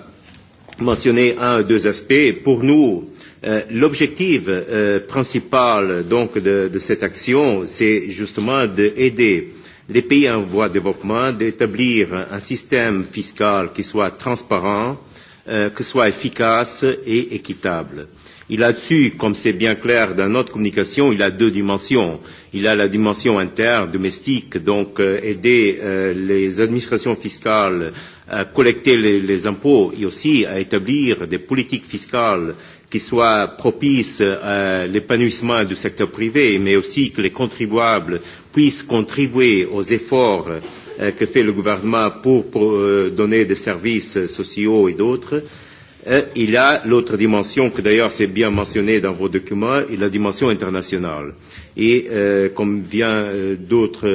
mentionné un ou deux aspects. Pour nous, euh, l'objectif euh, principal donc de, de cette action, c'est justement d'aider les pays en voie de développement d'établir un système fiscal qui soit transparent, euh, qui soit efficace et équitable. Il a dessus, comme c'est bien clair dans notre communication, il a deux dimensions. Il a la dimension interne, domestique, donc euh, aider euh, les administrations fiscales collecter les, les impôts et aussi à établir des politiques fiscales qui soient propices à l'épanouissement du secteur privé, mais aussi que les contribuables puissent contribuer aux efforts euh, que fait le gouvernement pour, pour euh, donner des services sociaux et d'autres. Euh, il y a l'autre dimension, que d'ailleurs c'est bien mentionné dans vos documents, et la dimension internationale. Et euh, comme bien d'autres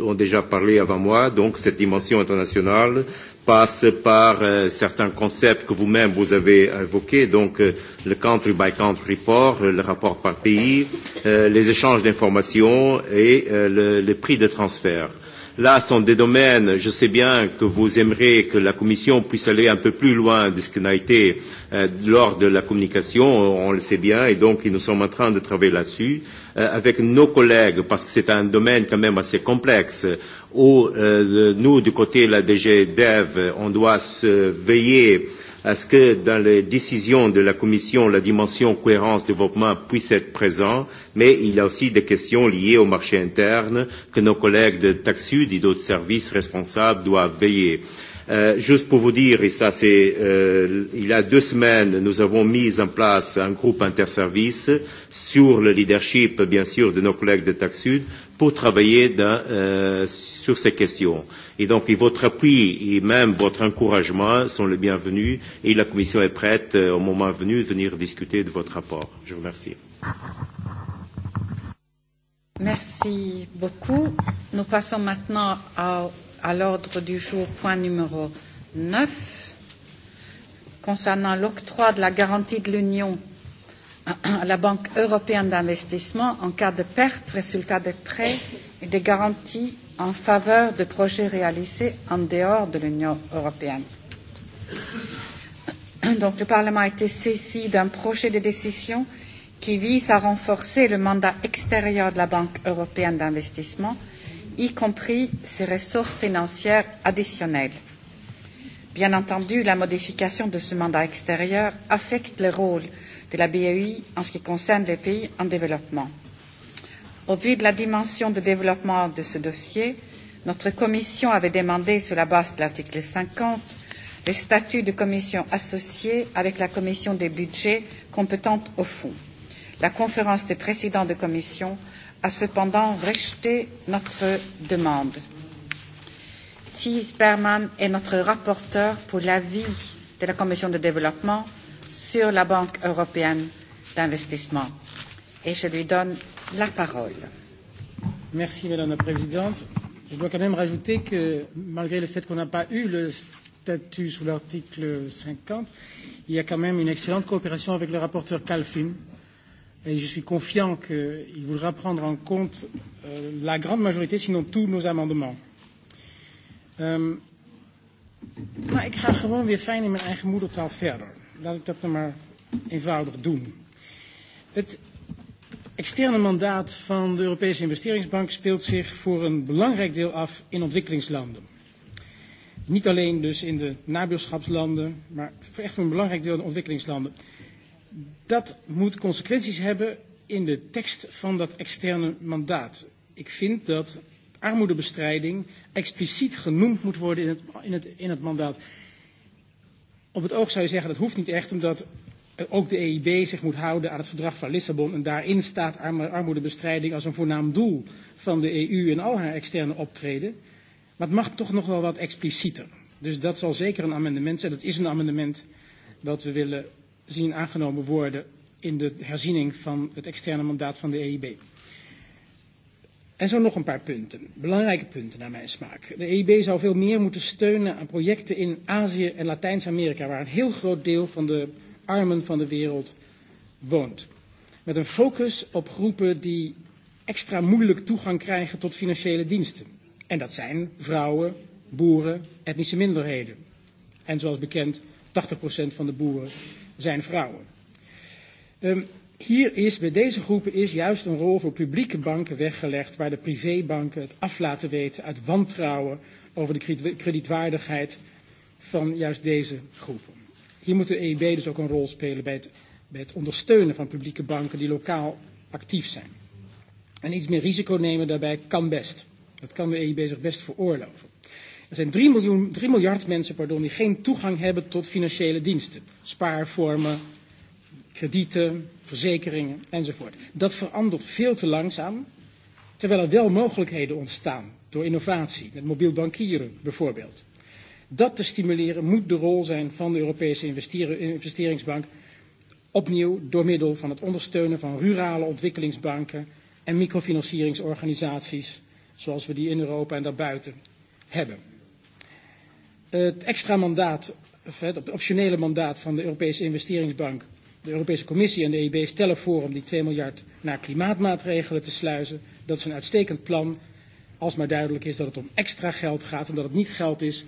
ont déjà parlé avant moi. Donc cette dimension internationale passe par euh, certains concepts que vous-même vous avez évoqués, donc euh, le country by country report, euh, le rapport par pays, euh, les échanges d'informations et euh, le, le prix de transfert. Là sont des domaines, je sais bien que vous aimerez que la Commission puisse aller un peu plus loin de ce qu'on a été euh, lors de la communication, on le sait bien, et donc nous sommes en train de travailler là-dessus euh, avec nos collègues, parce que c'est un domaine quand même assez complexe, où euh, nous, du côté de la DG Dev, on doit se veiller euh, à ce que dans les décisions de la Commission, la dimension cohérence développement puisse être présente, mais il y a aussi des questions liées au marché interne que nos collègues de Taxud et d'autres services responsables doivent veiller. Euh, juste pour vous dire, et ça c'est, euh, il y a deux semaines, nous avons mis en place un groupe interservice sur le leadership, bien sûr, de nos collègues de TACSUD pour travailler dans, euh, sur ces questions. Et donc, et votre appui et même votre encouragement sont les bienvenus et la Commission est prête, euh, au moment venu, de venir discuter de votre rapport. Je vous remercie. Merci beaucoup. Nous passons maintenant à à l'ordre du jour point numéro 9 concernant l'octroi de la garantie de l'Union à la Banque européenne d'investissement en cas de perte résultat des prêts et des garanties en faveur de projets réalisés en dehors de l'Union européenne. Donc, le Parlement a été saisi d'un projet de décision qui vise à renforcer le mandat extérieur de la Banque européenne d'investissement y compris ses ressources financières additionnelles. Bien entendu, la modification de ce mandat extérieur affecte le rôle de la BEI en ce qui concerne les pays en développement. Au vu de la dimension de développement de ce dossier, notre commission avait demandé, sur la base de l'article 50, le statut de commission associée avec la commission des budgets compétente au fond. La conférence des présidents de commission a cependant rejeté notre demande. Thies Berman est notre rapporteur pour l'avis de la Commission de développement sur la Banque européenne d'investissement. Et je lui donne la parole. Merci Madame la Présidente. Je dois quand même rajouter que malgré le fait qu'on n'a pas eu le statut sous l'article 50, il y a quand même une excellente coopération avec le rapporteur Calfin, et je suis confiant qu'il voudra prendre en compte euh, la grande majorité, sinon tous nos amendements. Um, maar ik ga gewoon weer fijn in mijn eigen moedertaal verder. Laat ik dat nou maar eenvoudig doen. Het externe mandaat van de Europese investeringsbank speelt zich voor een belangrijk deel af in ontwikkelingslanden. Niet alleen dus in de nabuurschapslanden, maar echt voor een belangrijk deel in de ontwikkelingslanden dat moet consequenties hebben in de tekst van dat externe mandaat. Ik vind dat armoedebestrijding expliciet genoemd moet worden in het, in het, in het mandaat. Op het oog zou je zeggen dat hoeft niet echt, omdat ook de EIB zich moet houden aan het verdrag van Lissabon. En daarin staat armoedebestrijding als een voornaam doel van de EU en al haar externe optreden. Maar het mag toch nog wel wat explicieter. Dus dat zal zeker een amendement zijn. Dat is een amendement dat we willen zien aangenomen worden in de herziening van het externe mandaat van de EIB. En zo nog een paar punten, belangrijke punten naar mijn smaak. De EIB zou veel meer moeten steunen aan projecten in Azië en Latijns-Amerika, waar een heel groot deel van de armen van de wereld woont. Met een focus op groepen die extra moeilijk toegang krijgen tot financiële diensten. En dat zijn vrouwen, boeren, etnische minderheden. En zoals bekend, 80% van de boeren zijn vrouwen. Um, hier is bij deze groepen is juist een rol voor publieke banken weggelegd, waar de privébanken het af laten weten uit wantrouwen over de kredietwaardigheid van juist deze groepen. Hier moet de EIB dus ook een rol spelen bij het, bij het ondersteunen van publieke banken die lokaal actief zijn. En iets meer risico nemen daarbij kan best. Dat kan de EIB zich best veroorloven. Er zijn 3, miljoen, 3 miljard mensen pardon, die geen toegang hebben tot financiële diensten. Spaarvormen, kredieten, verzekeringen enzovoort. Dat verandert veel te langzaam, terwijl er wel mogelijkheden ontstaan door innovatie, met mobiel bankieren bijvoorbeeld. Dat te stimuleren moet de rol zijn van de Europese investeringsbank, opnieuw door middel van het ondersteunen van rurale ontwikkelingsbanken en microfinancieringsorganisaties, zoals we die in Europa en daarbuiten hebben het extra mandaat, het optionele mandaat van de Europese investeringsbank, de Europese Commissie en de EIB stellen voor om die 2 miljard naar klimaatmaatregelen te sluizen. Dat is een uitstekend plan, als maar duidelijk is dat het om extra geld gaat en dat het niet geld is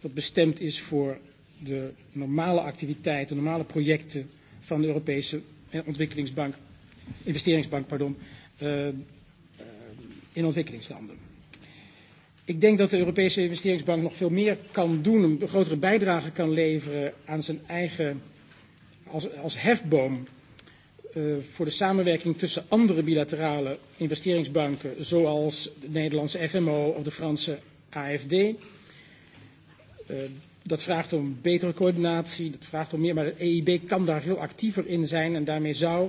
dat bestemd is voor de normale activiteiten, normale projecten van de Europese eh, ontwikkelingsbank, investeringsbank, pardon, uh, in ontwikkelingslanden. Ik denk dat de Europese investeringsbank nog veel meer kan doen, een grotere bijdrage kan leveren aan zijn eigen, als, als hefboom uh, voor de samenwerking tussen andere bilaterale investeringsbanken, zoals de Nederlandse FMO of de Franse AFD. Uh, eh, dat vraagt om betere coördinatie, dat vraagt om meer, maar de EIB kan daar veel actiever in zijn en daarmee zou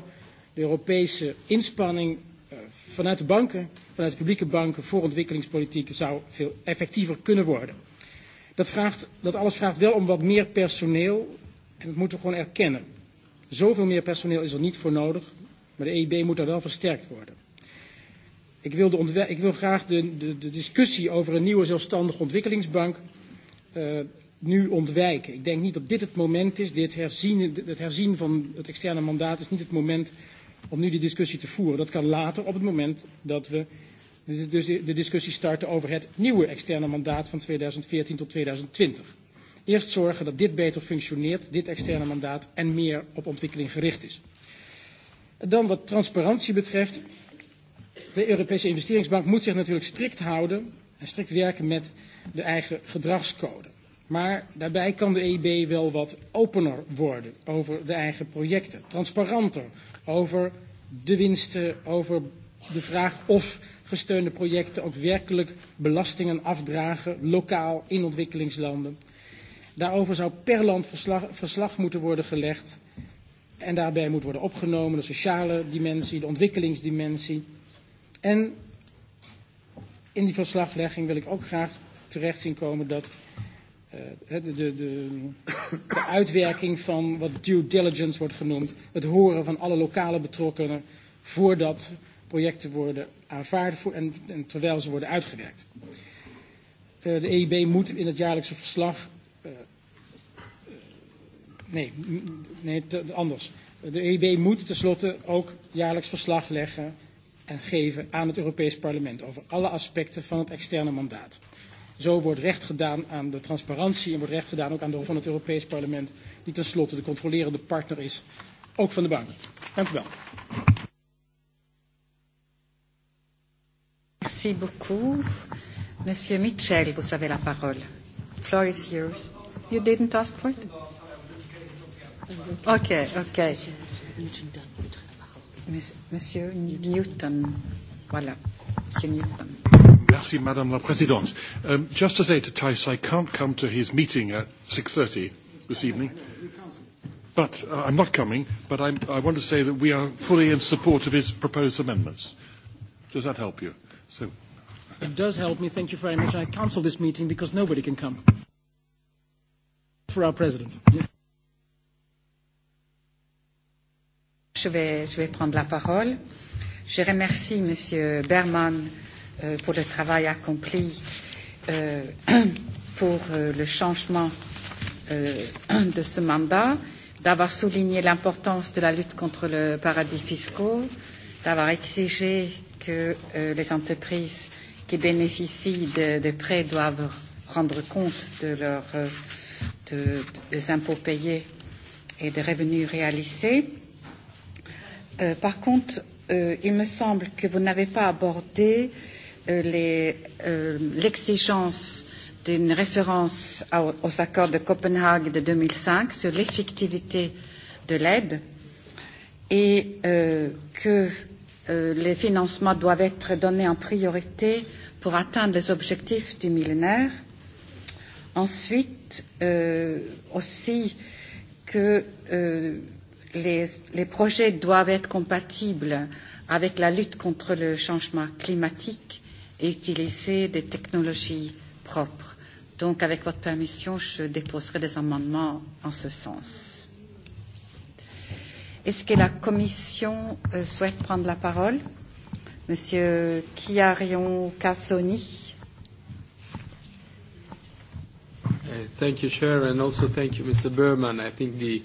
de Europese inspanning vanuit de banken, vanuit de publieke banken voor ontwikkelingspolitiek zou veel effectiever kunnen worden. Dat, vraagt, dat alles vraagt wel om wat meer personeel en dat moeten we gewoon erkennen. Zoveel meer personeel is er niet voor nodig, maar de EIB moet daar wel versterkt worden. Ik wil, de ik wil graag de, de, de discussie over een nieuwe zelfstandige ontwikkelingsbank uh, nu ontwijken. Ik denk niet dat dit het moment is. Dit herzien, het herzien van het externe mandaat is niet het moment om nu die discussie te voeren. Dat kan later op het moment dat we dus de discussie starten over het nieuwe externe mandaat van 2014 tot 2020. Eerst zorgen dat dit beter functioneert, dit externe mandaat, en meer op ontwikkeling gericht is. En dan wat transparantie betreft. De Europese Investeringsbank moet zich natuurlijk strikt houden en strikt werken met de eigen gedragscode. Maar daarbij kan de EIB wel wat opener worden over de eigen projecten, transparanter over de winsten, over de vraag of gesteunde projecten ook werkelijk belastingen afdragen, lokaal in ontwikkelingslanden. Daarover zou per land verslag, verslag moeten worden gelegd. En daarbij moet worden opgenomen de sociale dimensie, de ontwikkelingsdimensie. En in die verslaglegging wil ik ook graag terecht zien komen dat Eh, eh, de, de, de, de uitwerking van wat due diligence wordt genoemd, het horen van alle lokale betrokkenen voordat projecten worden aanvaard en, en terwijl ze worden uitgewerkt. Eh, de EIB moet in het jaarlijkse verslag. nee, nee te, anders. De EIB moet tenslotte ook jaarlijks verslag leggen en geven aan het Europees Parlement over alle aspecten van het externe mandaat. Zo wordt recht gedaan aan de transparantie en wordt recht gedaan ook aan de rol van het Europees Parlement, die tenslotte de controlerende partner is, ook van de bank. Dank u wel. Merci beaucoup. Monsieur Michel, vous avez la parole. Floor is yours. You didn't ask for it? Okay, okay. Monsieur Newton. Voilà. Monsieur Newton. Merci, Madame la Présidente. Um, just to say to Tice, I can't come to his meeting at 6.30 this evening. But uh, I'm not coming, but I'm, I want to say that we are fully in support of his proposed amendments. Does that help you? So. It does help me. Thank you very much. I cancel this meeting because nobody can come. For our president. Yeah. Je vais, je vais prendre la parole. Je remercie Berman Euh, pour le travail accompli euh, pour euh, le changement euh, de ce mandat, d'avoir souligné l'importance de la lutte contre le paradis fiscaux, d'avoir exigé que euh, les entreprises qui bénéficient de, de prêts doivent rendre compte de leurs euh, de, de, des impôts payés et des revenus réalisés. Euh, par contre, euh, il me semble que vous n'avez pas abordé euh, Euh, euh, l'exigence d'une référence aux accords de Copenhague de 2005 sur l'effectivité de l'aide et euh, que euh, les financements doivent être donnés en priorité pour atteindre les objectifs du millénaire. Ensuite, euh, aussi que euh, les, les projets doivent être compatibles avec la lutte contre le changement climatique et utiliser des technologies propres. Donc, avec votre permission, je déposerai des amendements en ce sens. Est-ce que la Commission euh, souhaite prendre la parole Monsieur Chiarion Cassoni. Uh, thank you, Chair, and also thank you, Mr. Berman. I think the,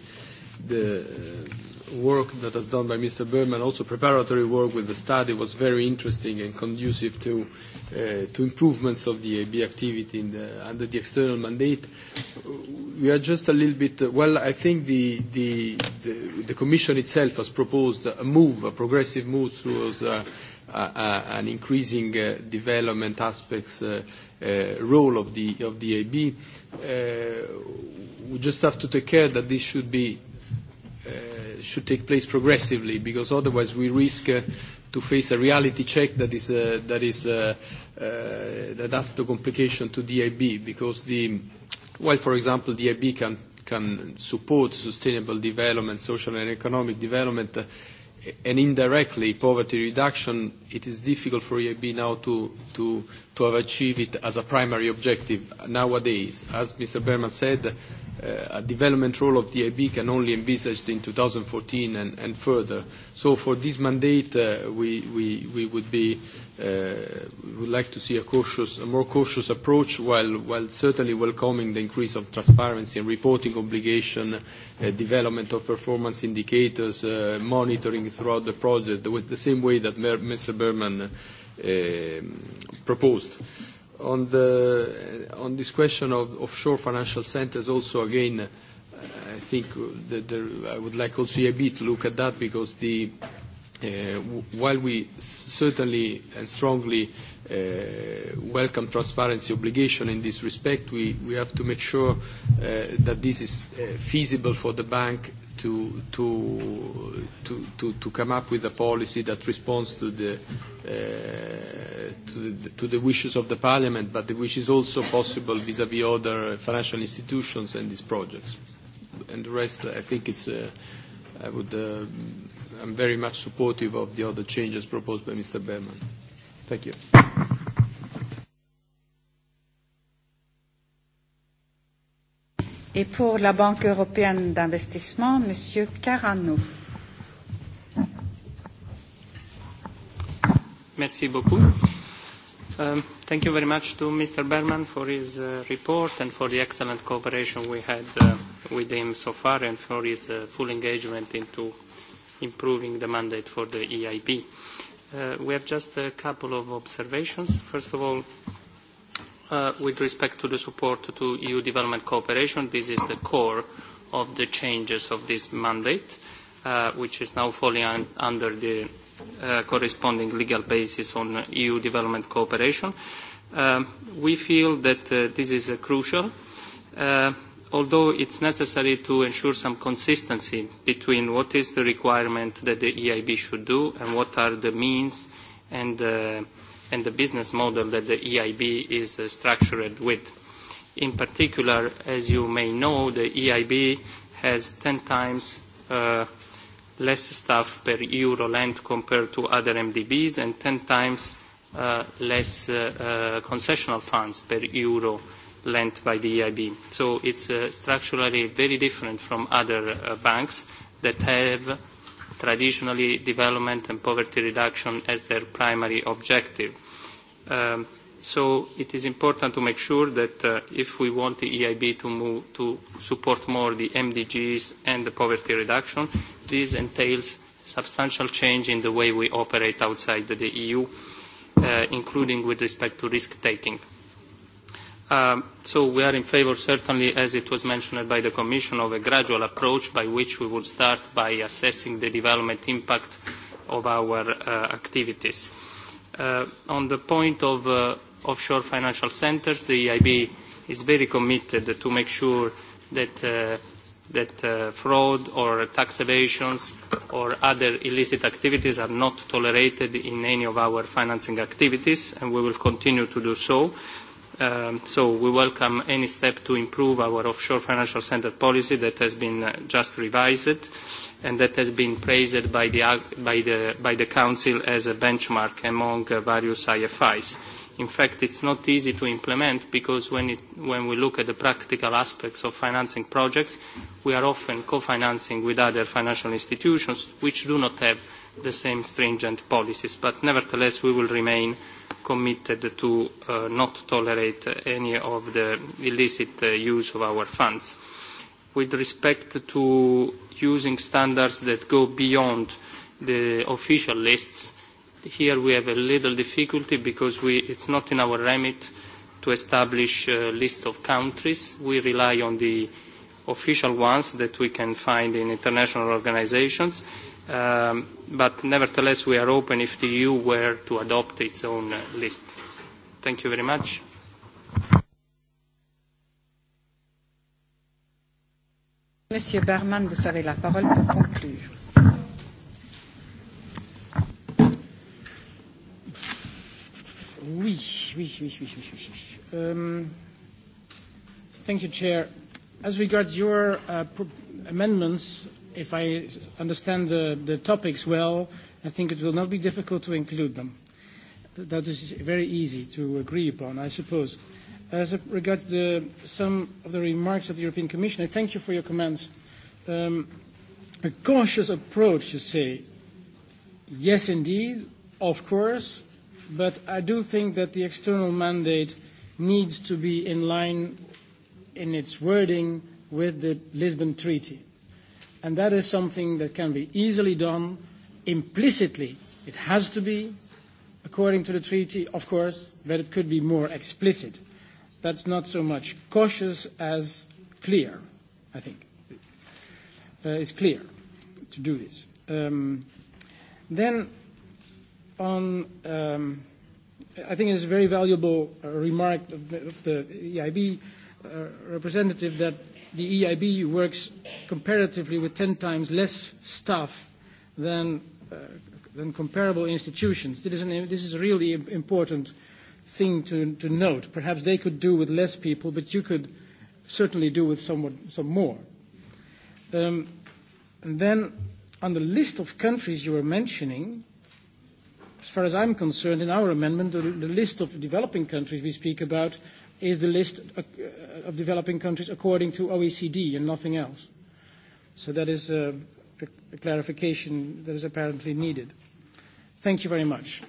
the uh, work that was done by Mr. Berman, also preparatory work with the study, was very interesting and conducive to, uh, to improvements of the AB activity in the, under the external mandate. We are just a little bit, uh, well, I think the, the, the, the Commission itself has proposed a move, a progressive move towards uh, a, a, an increasing uh, development aspects uh, uh, role of the, of the AB. Uh, we just have to take care that this should be Uh, should take place progressively, because otherwise we risk uh, to face a reality check that is uh, that is uh, uh, that adds the complication to DIB because the while for example DIB can can support sustainable development, social and economic development, uh, and indirectly poverty reduction it is difficult for EIB now to, to, to have achieved it as a primary objective nowadays. As Mr. Berman said, uh, a development role of the EIB can only envisaged in 2014 and, and further. So for this mandate, uh, we, we, we would be uh, would like to see a, cautious, a more cautious approach while, while certainly welcoming the increase of transparency and reporting obligation, uh, development of performance indicators, uh, monitoring throughout the project with the same way that Mr. Berman uh, proposed. On, the, on this question of offshore financial centers, also again, I think that there, I would like also EIB to look at that because the uh, Uh, while we certainly and strongly uh, welcome transparency obligation in this respect, we, we have to make sure uh, that this is uh, feasible for the bank to, to, to, to, come up with a policy that responds to the, uh, the, to, the, wishes of the parliament, but which is also possible vis-à-vis -vis other financial institutions and these projects. And the rest, I think it's, I would um, I'm very much supportive of the other changes proposed by Mr. Berman. Thank you. Et pour la Banque européenne d'investissement, Monsieur Carano. Merci beaucoup. Um, thank you very much to Mr. Berman for his uh, report and for the excellent cooperation we had uh, with him so far and for his uh, full engagement into improving the mandate for the EIB. Uh, we have just a couple of observations. First of all, uh, with respect to the support to EU development cooperation, this is the core of the changes of this mandate, uh, which is now falling un under the uh, corresponding legal basis on EU development cooperation. Um, we feel that uh, this is uh, crucial. Uh, although it's necessary to ensure some consistency between what is the requirement that the EIB should do and what are the means and, uh, and the business model that the EIB is uh, structured with. In particular, as you may know, the EIB has 10 times uh, less staff per euro lent compared to other MDBs and 10 times uh, less uh, uh, concessional funds per euro lent by the EIB. So it's uh, structurally very different from other uh, banks that have traditionally development and poverty reduction as their primary objective. Um, so it is important to make sure that uh, if we want the EIB to move to support more the MDGs and the poverty reduction, this entails substantial change in the way we operate outside the EU, uh, including with respect to risk taking Um, so we are in favour, certainly, as it was mentioned by the Commission, of a gradual approach by which we would start by assessing the development impact of our uh, activities. Uh, on the point of uh, offshore financial centres, the EIB is very committed to make sure that, uh, that uh, fraud or tax evasions or other illicit activities are not tolerated in any of our financing activities, and we will continue to do so. Uh, Um, so we welcome any step to improve our offshore financial centre policy that has been uh, just revised and that has been praised by the, by the, by the Council as a benchmark among uh, various IFIs. In fact, it's not easy to implement because when, it, when we look at the practical aspects of financing projects, we are often co-financing with other financial institutions which do not have the same stringent policies. But nevertheless, we will remain committed to uh, not tolerate any of the illicit uh, use of our funds. With respect to using standards that go beyond the official lists, here we have a little difficulty because we, it's not in our remit to establish a list of countries. We rely on the official ones that we can find in international organizations Um, but nevertheless, we are open if the EU were to adopt its own uh, list. Thank you very much. Monsieur Berman, vous avez la parole pour conclure. Oui, oui, oui, oui, oui, oui. Um, thank you, Chair. As regards your uh, amendments, if I understand the, the topics well, I think it will not be difficult to include them. That is very easy to agree upon, I suppose. As regards the, some of the remarks of the European Commission, I thank you for your comments. Um, a cautious approach, you say. Yes, indeed, of course, but I do think that the external mandate needs to be in line in its wording with the Lisbon Treaty. And that is something that can be easily done implicitly. It has to be, according to the treaty, of course, but it could be more explicit. That's not so much cautious as clear, I think. Uh, it's clear to do this. Um, then on, um, I think it's a very valuable uh, remark of, of the EIB uh, representative that the EIB works comparatively with 10 times less staff than, uh, than comparable institutions. This is, an, this is a really important thing to, to note. Perhaps they could do with less people, but you could certainly do with somewhat, some more. Um, and then on the list of countries you were mentioning, as far as I'm concerned, in our amendment, the, the list of developing countries we speak about is the list uh, of developing countries according to OECD and nothing else. So that is a, a clarification that is apparently needed. Thank you very much.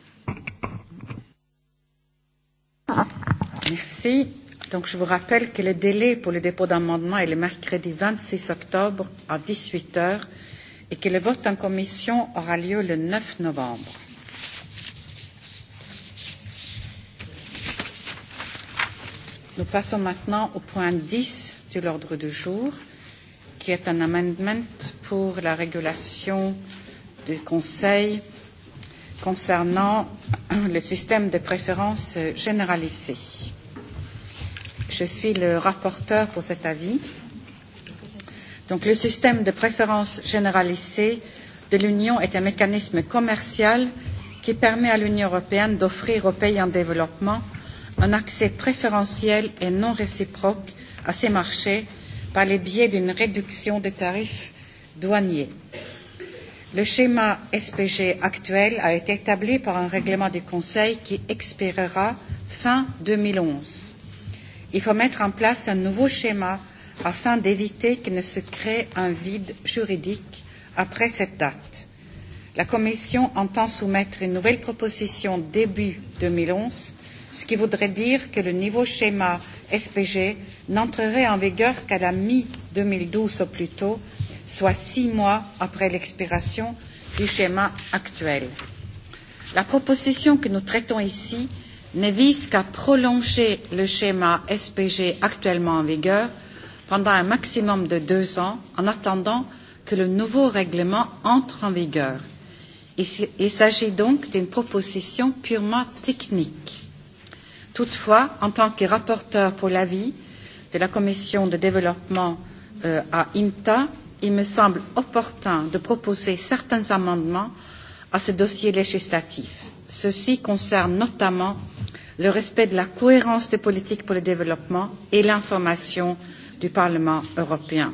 Merci. Donc je vous rappelle que le délai pour le dépôt d'amendements est le mercredi 26 octobre à 18 heures et que le vote en commission aura lieu le 9 novembre. Nous passons maintenant au point 10 de l'ordre du jour, qui est un amendement pour la régulation du Conseil concernant le système de préférence généralisé. Je suis le rapporteur pour cet avis. Donc, le système de préférence généralisée de l'Union est un mécanisme commercial qui permet à l'Union européenne d'offrir aux pays en développement un accès préférentiel et non réciproque à ces marchés par le biais d'une réduction des tarifs douaniers. Le schéma SPG actuel a été établi par un règlement du Conseil qui expirera fin 2011. Il faut mettre en place un nouveau schéma afin d'éviter qu'il ne se crée un vide juridique après cette date. La Commission entend soumettre une nouvelle proposition début 2011, ce qui voudrait dire que le nouveau schéma SPG n'entrerait en vigueur qu'à la mi-2012 au plus tôt, soit six mois après l'expiration du schéma actuel. La proposition que nous traitons ici ne vise qu'à prolonger le schéma SPG actuellement en vigueur pendant un maximum de deux ans en attendant que le nouveau règlement entre en vigueur. Il s'agit donc d'une proposition purement technique. Toutefois, en tant que rapporteur pour l'avis de la commission de développement euh, à INTA, il me semble opportun de proposer certains amendements à ce dossier législatif. Ceci concerne notamment le respect de la cohérence des politiques pour le développement et l'information du Parlement européen.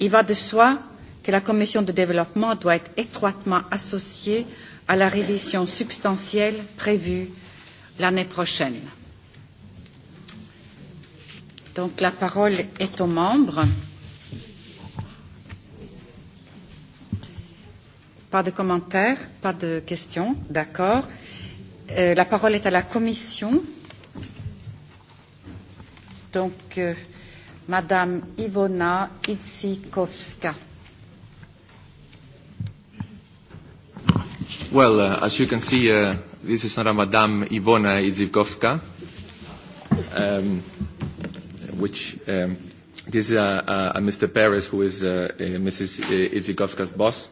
Il va de soi que la commission de développement doit être étroitement associée à la révision substantielle prévue l'année prochaine. Donc la parole est aux membres. Pas de commentaires, pas de questions, d'accord. Euh, la parole est à la commission. Donc euh, Madame Ivona Itsikowska. Well, uh, as you can see, uh, this is not Madame Ivona Idzivkovska, um, which um, this is a a Mr. Perez, who is uh, uh, Mrs. Idzivkovska's boss.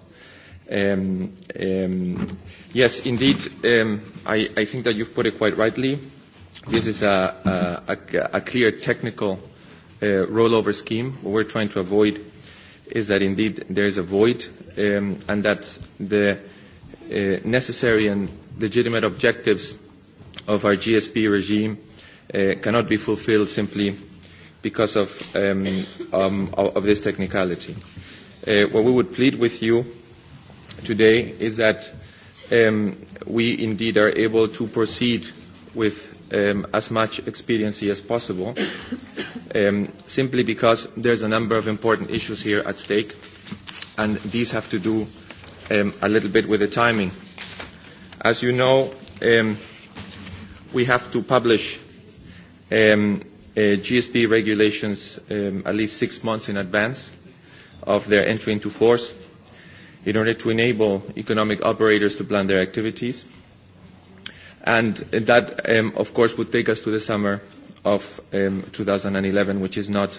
Um, um, yes, indeed, um, I, I think that you've put it quite rightly. This is a, a, a, a clear technical uh, rollover scheme. What we're trying to avoid is that indeed there is a void um, and that the Uh, necessary and legitimate objectives of our GSP regime uh, cannot be fulfilled simply because of, um, um, of this technicality. Uh, what we would plead with you today is that um, we indeed are able to proceed with um, as much expediency as possible, um, simply because there's a number of important issues here at stake, and these have to do Um, a little bit with the timing. As you know, um, we have to publish um, uh, GSP regulations at least six months in advance of their entry into force in order to enable economic operators to plan their activities. And that, of course, would take us to the summer of 2011, which is not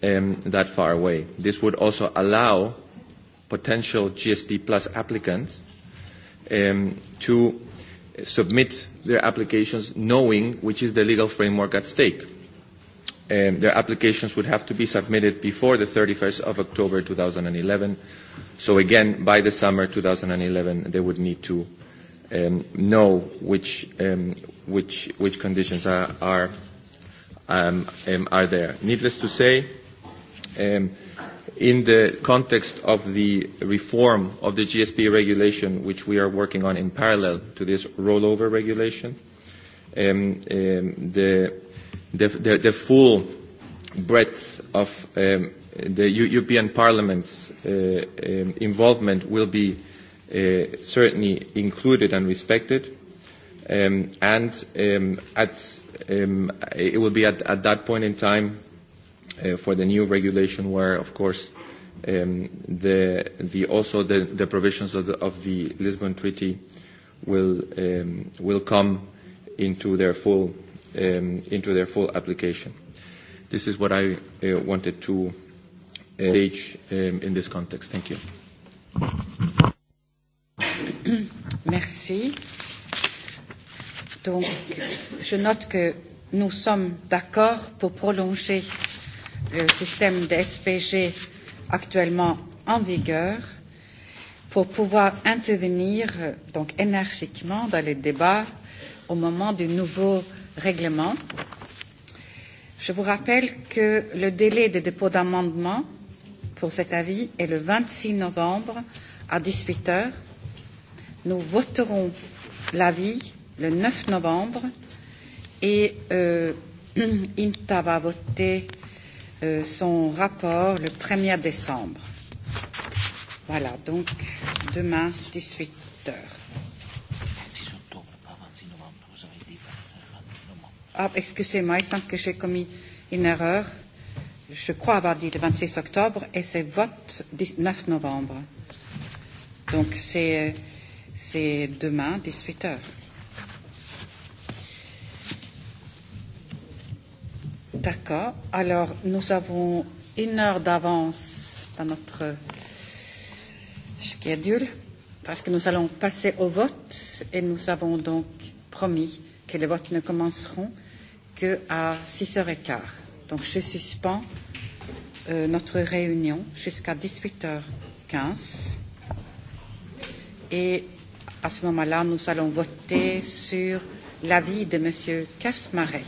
that far away. This would also allow potential GSD plus applicants um, to submit their applications knowing which is the legal framework at stake. Um, their applications would have to be submitted before the 31st of October 2011. So again, by the summer 2011, they would need to um, know which, um, which, which conditions are, are, um, um, are there. Needless to say, um, in the context of the reform of the GSP regulation, which we are working on in parallel to this rollover regulation. Um, um, the, the, the, the full breadth of um, the European Parliament's uh, um, involvement will be uh, certainly included and respected. Um, and um, at, um, it will be at, at that point in time uh, for the new regulation where, of course, um, the, the, also the, the provisions of the, of the Lisbon Treaty will, um, will come into their full, um, into their full application. This is what I uh, wanted to engage uh, um, in this context. Thank you. Merci. Donc, je note que nous sommes d'accord pour prolonger le système de SPG actuellement en vigueur pour pouvoir intervenir donc énergiquement dans les débats au moment du nouveau règlement. Je vous rappelle que le délai de dépôt d'amendements pour cet avis est le 26 novembre à 18 heures. Nous voterons l'avis le 9 novembre et euh, INTA va voter euh, Euh, son rapport le 1er décembre. Voilà, donc demain, 18 heures. Euh, ah, excusez-moi, il semble que j'ai commis une erreur. Je crois avoir dit le 26 octobre et c'est vote 19 novembre. Donc c'est euh, demain, 18 heures. D'accord. Alors, nous avons une heure d'avance dans notre schedule parce que nous allons passer au vote et nous avons donc promis que les votes ne commenceront qu'à 6h15. Donc, je suspends euh, notre réunion jusqu'à 18h15 et à ce moment-là, nous allons voter sur l'avis de M. Kasmarek.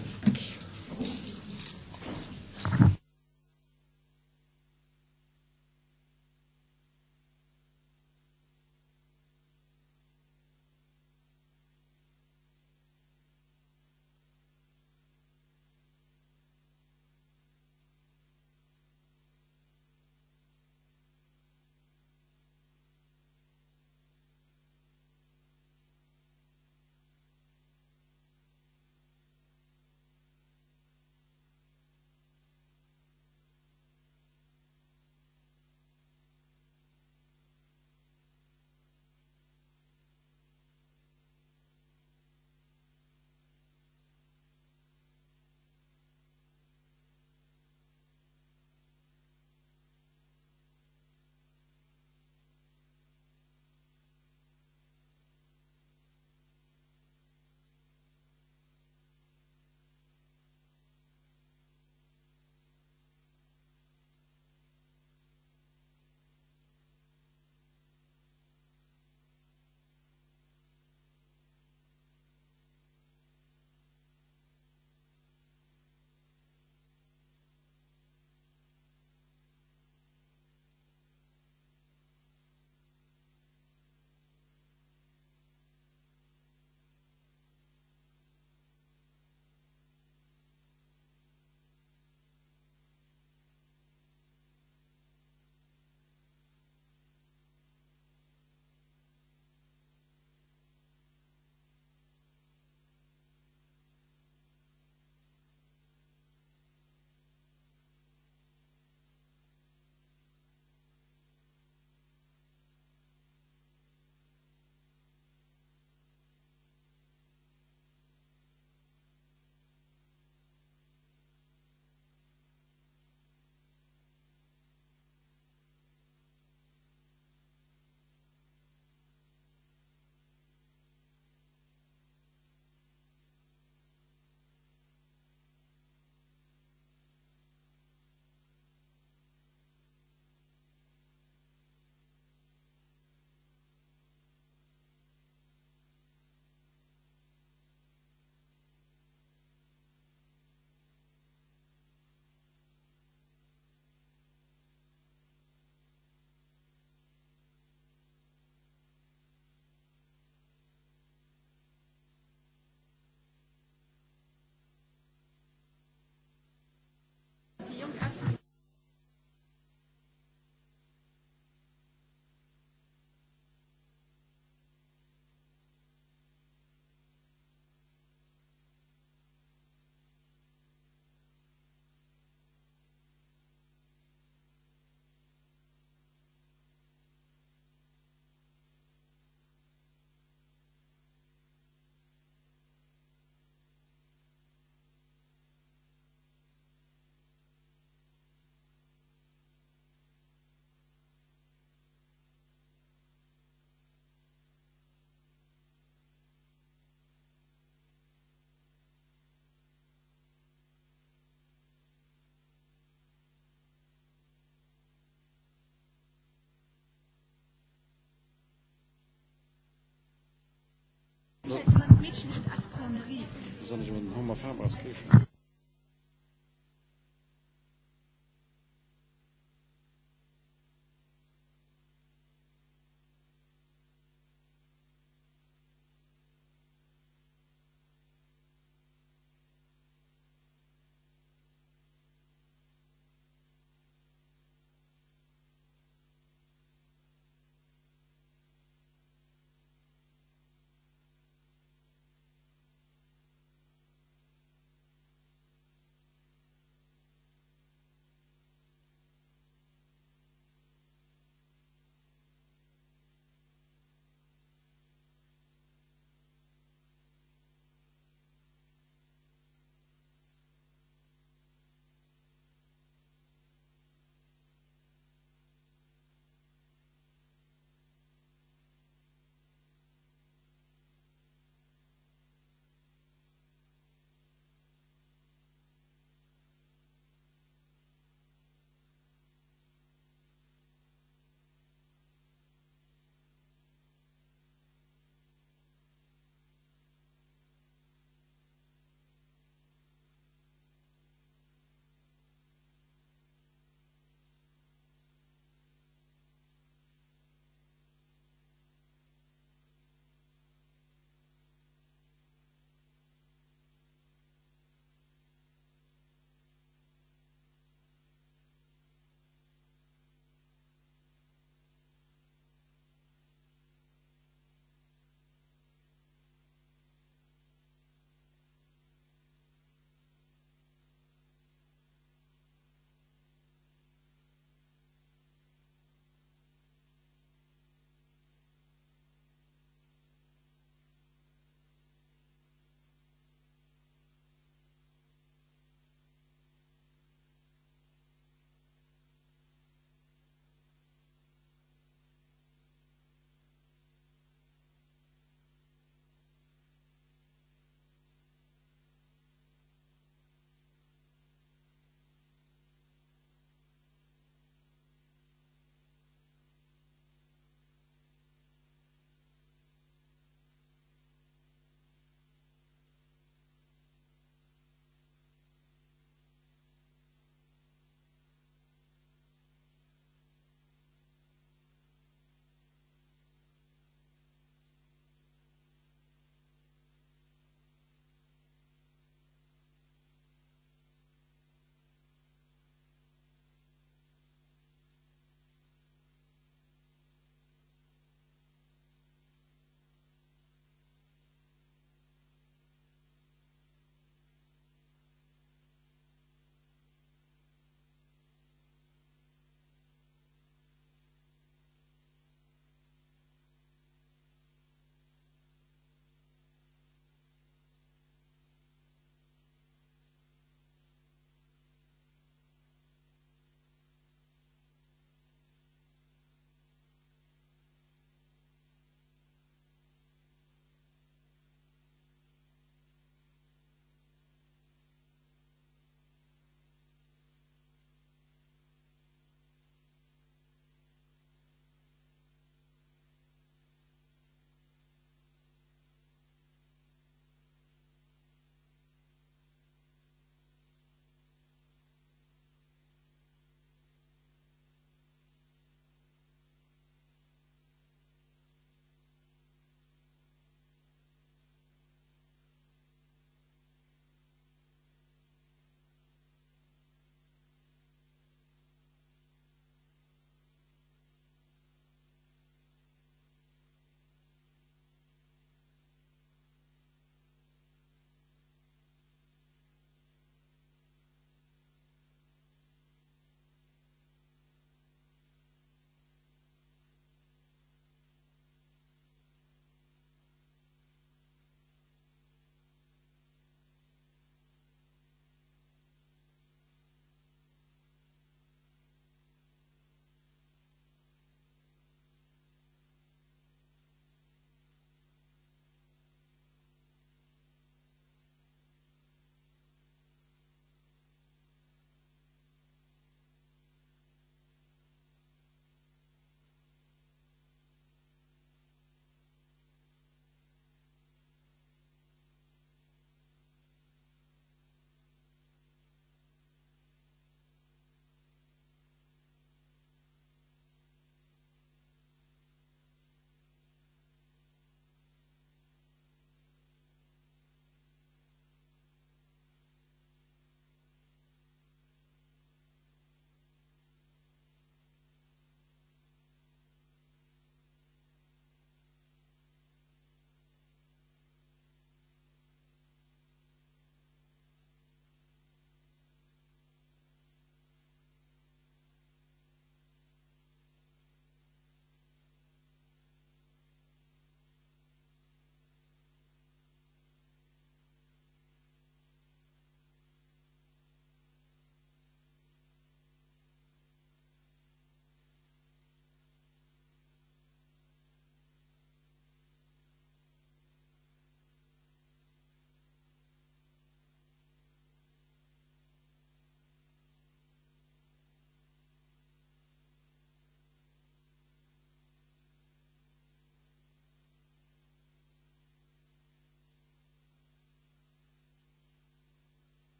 Besonders mit Homer Faber als Kirche.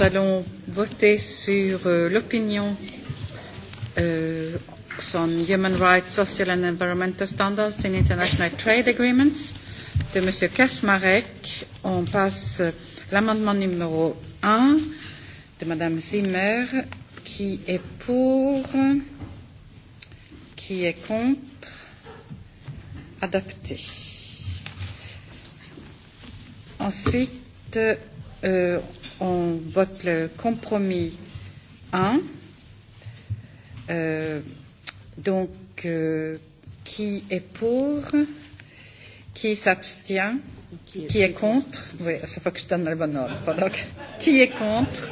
nous allons voter sur euh, l'opinion euh, on Human Rights, Social and Environmental Standards in International Trade Agreements de M. Kasmarek. On passe l'amendement numéro 1 de Mme Zimmer qui est pour, qui est contre, adapté. Ensuite, euh, on vote le compromis 1. Euh, donc, euh, qui est pour Qui s'abstient qui, qui est contre Oui, à chaque que je donne le bon ordre. Donc, qui est contre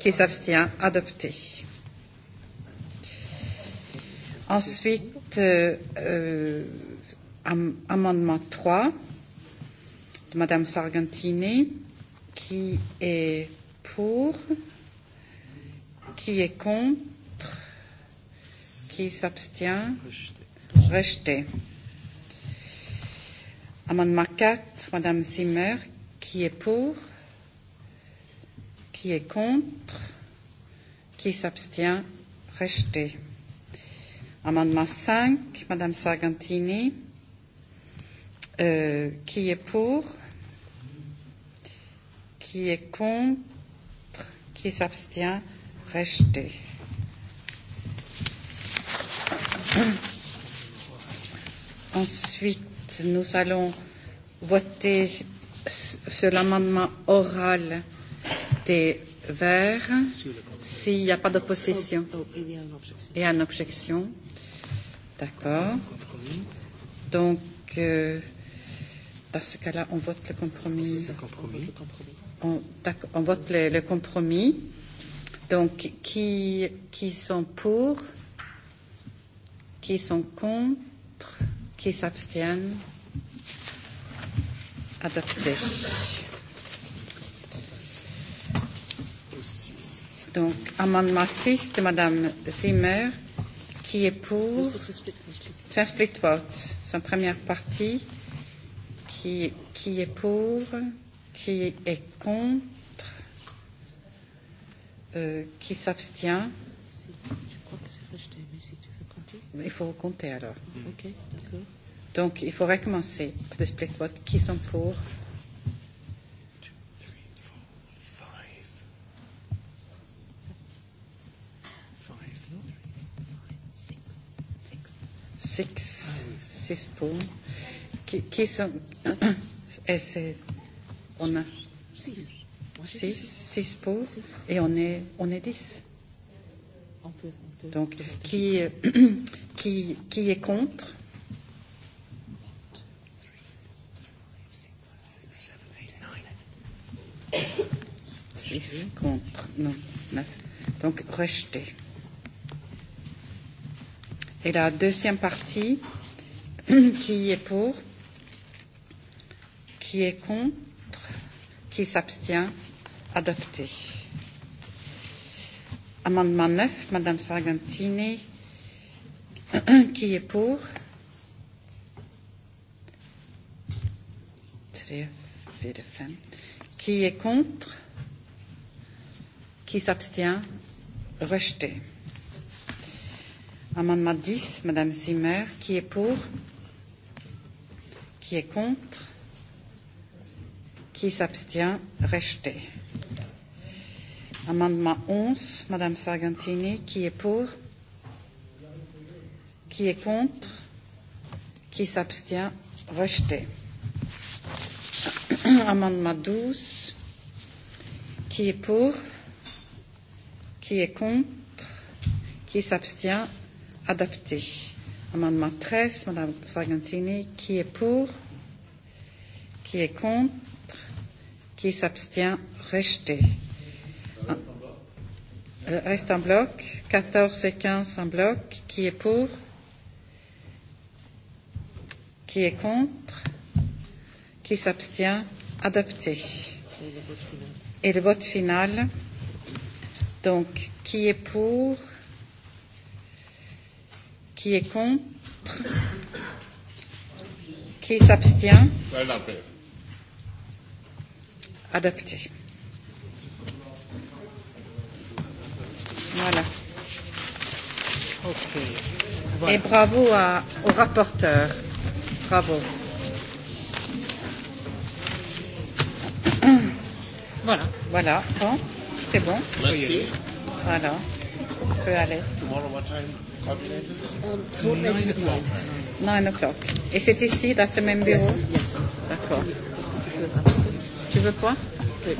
Qui s'abstient Adopté. Ensuite, euh, euh, amendement 3 de Madame Sargentini qui est pour, qui est contre, qui s'abstient, rejeté. Amendement 4, Madame Zimmer, qui est pour, qui est contre, qui s'abstient, rejeté. Amendement 5, Madame Sargentini, euh, qui est pour, qui est contre, qui s'abstient, rejeté. Ensuite, nous allons voter sur l'amendement oral des Verts s'il n'y a pas d'opposition. Oh, oh, il y a une objection. D'accord. Donc, euh, dans ce cas-là, on vote le compromis. compromis on, on vote le, le compromis. Donc, qui, qui sont pour Qui sont contre Qui s'abstiennent Adopté. Donc, amendement 6 de Mme Zimmer, qui est pour C'est split vote. Son première partie, qui, qui est pour qui est contre, euh, qui s'abstient. Il faut compter alors. Okay, Donc il faut recommencer. Le split vote. Qui sont pour Six, six pour. Qui, qui sont. Et c'est On a six, six, 6 pour et on est, on est dix. Donc, qui, qui, qui est contre contre, non, neuf. Donc, rejeté. Et la deuxième partie, qui est pour Qui est contre Qui s'abstient Adopté. Amendement 9, Madame Sargentini. Qui est pour Qui est contre Qui s'abstient Rejeté. Amendement 10, Madame Zimmer. Qui est pour Qui est contre Qui s'abstient Rejeté. Amendement 11, Madame Sargentini, qui est pour Qui est contre Qui s'abstient Rejeté. Amendement 12, qui est pour Qui est contre Qui s'abstient Adopté. Amendement 13, Madame Sargentini, qui est pour Qui est contre qui s'abstient rejeté. Le euh, reste en bloc. 14 et 15 en bloc. Qui est pour Qui est contre Qui s'abstient Adopté. Et le vote final. Donc, qui est pour Qui est contre Qui s'abstient Madame adopté. Voilà. Okay. voilà. Et bravo à, au rapporteur. Bravo. Voilà. Voilà. Bon. C'est bon. Merci. Voilà. On peut aller. Tomorrow what time? Um, Nine o'clock. 9 o'clock. Et c'est ici, dans ce même bureau? Yes. yes. D'accord tu veux quoi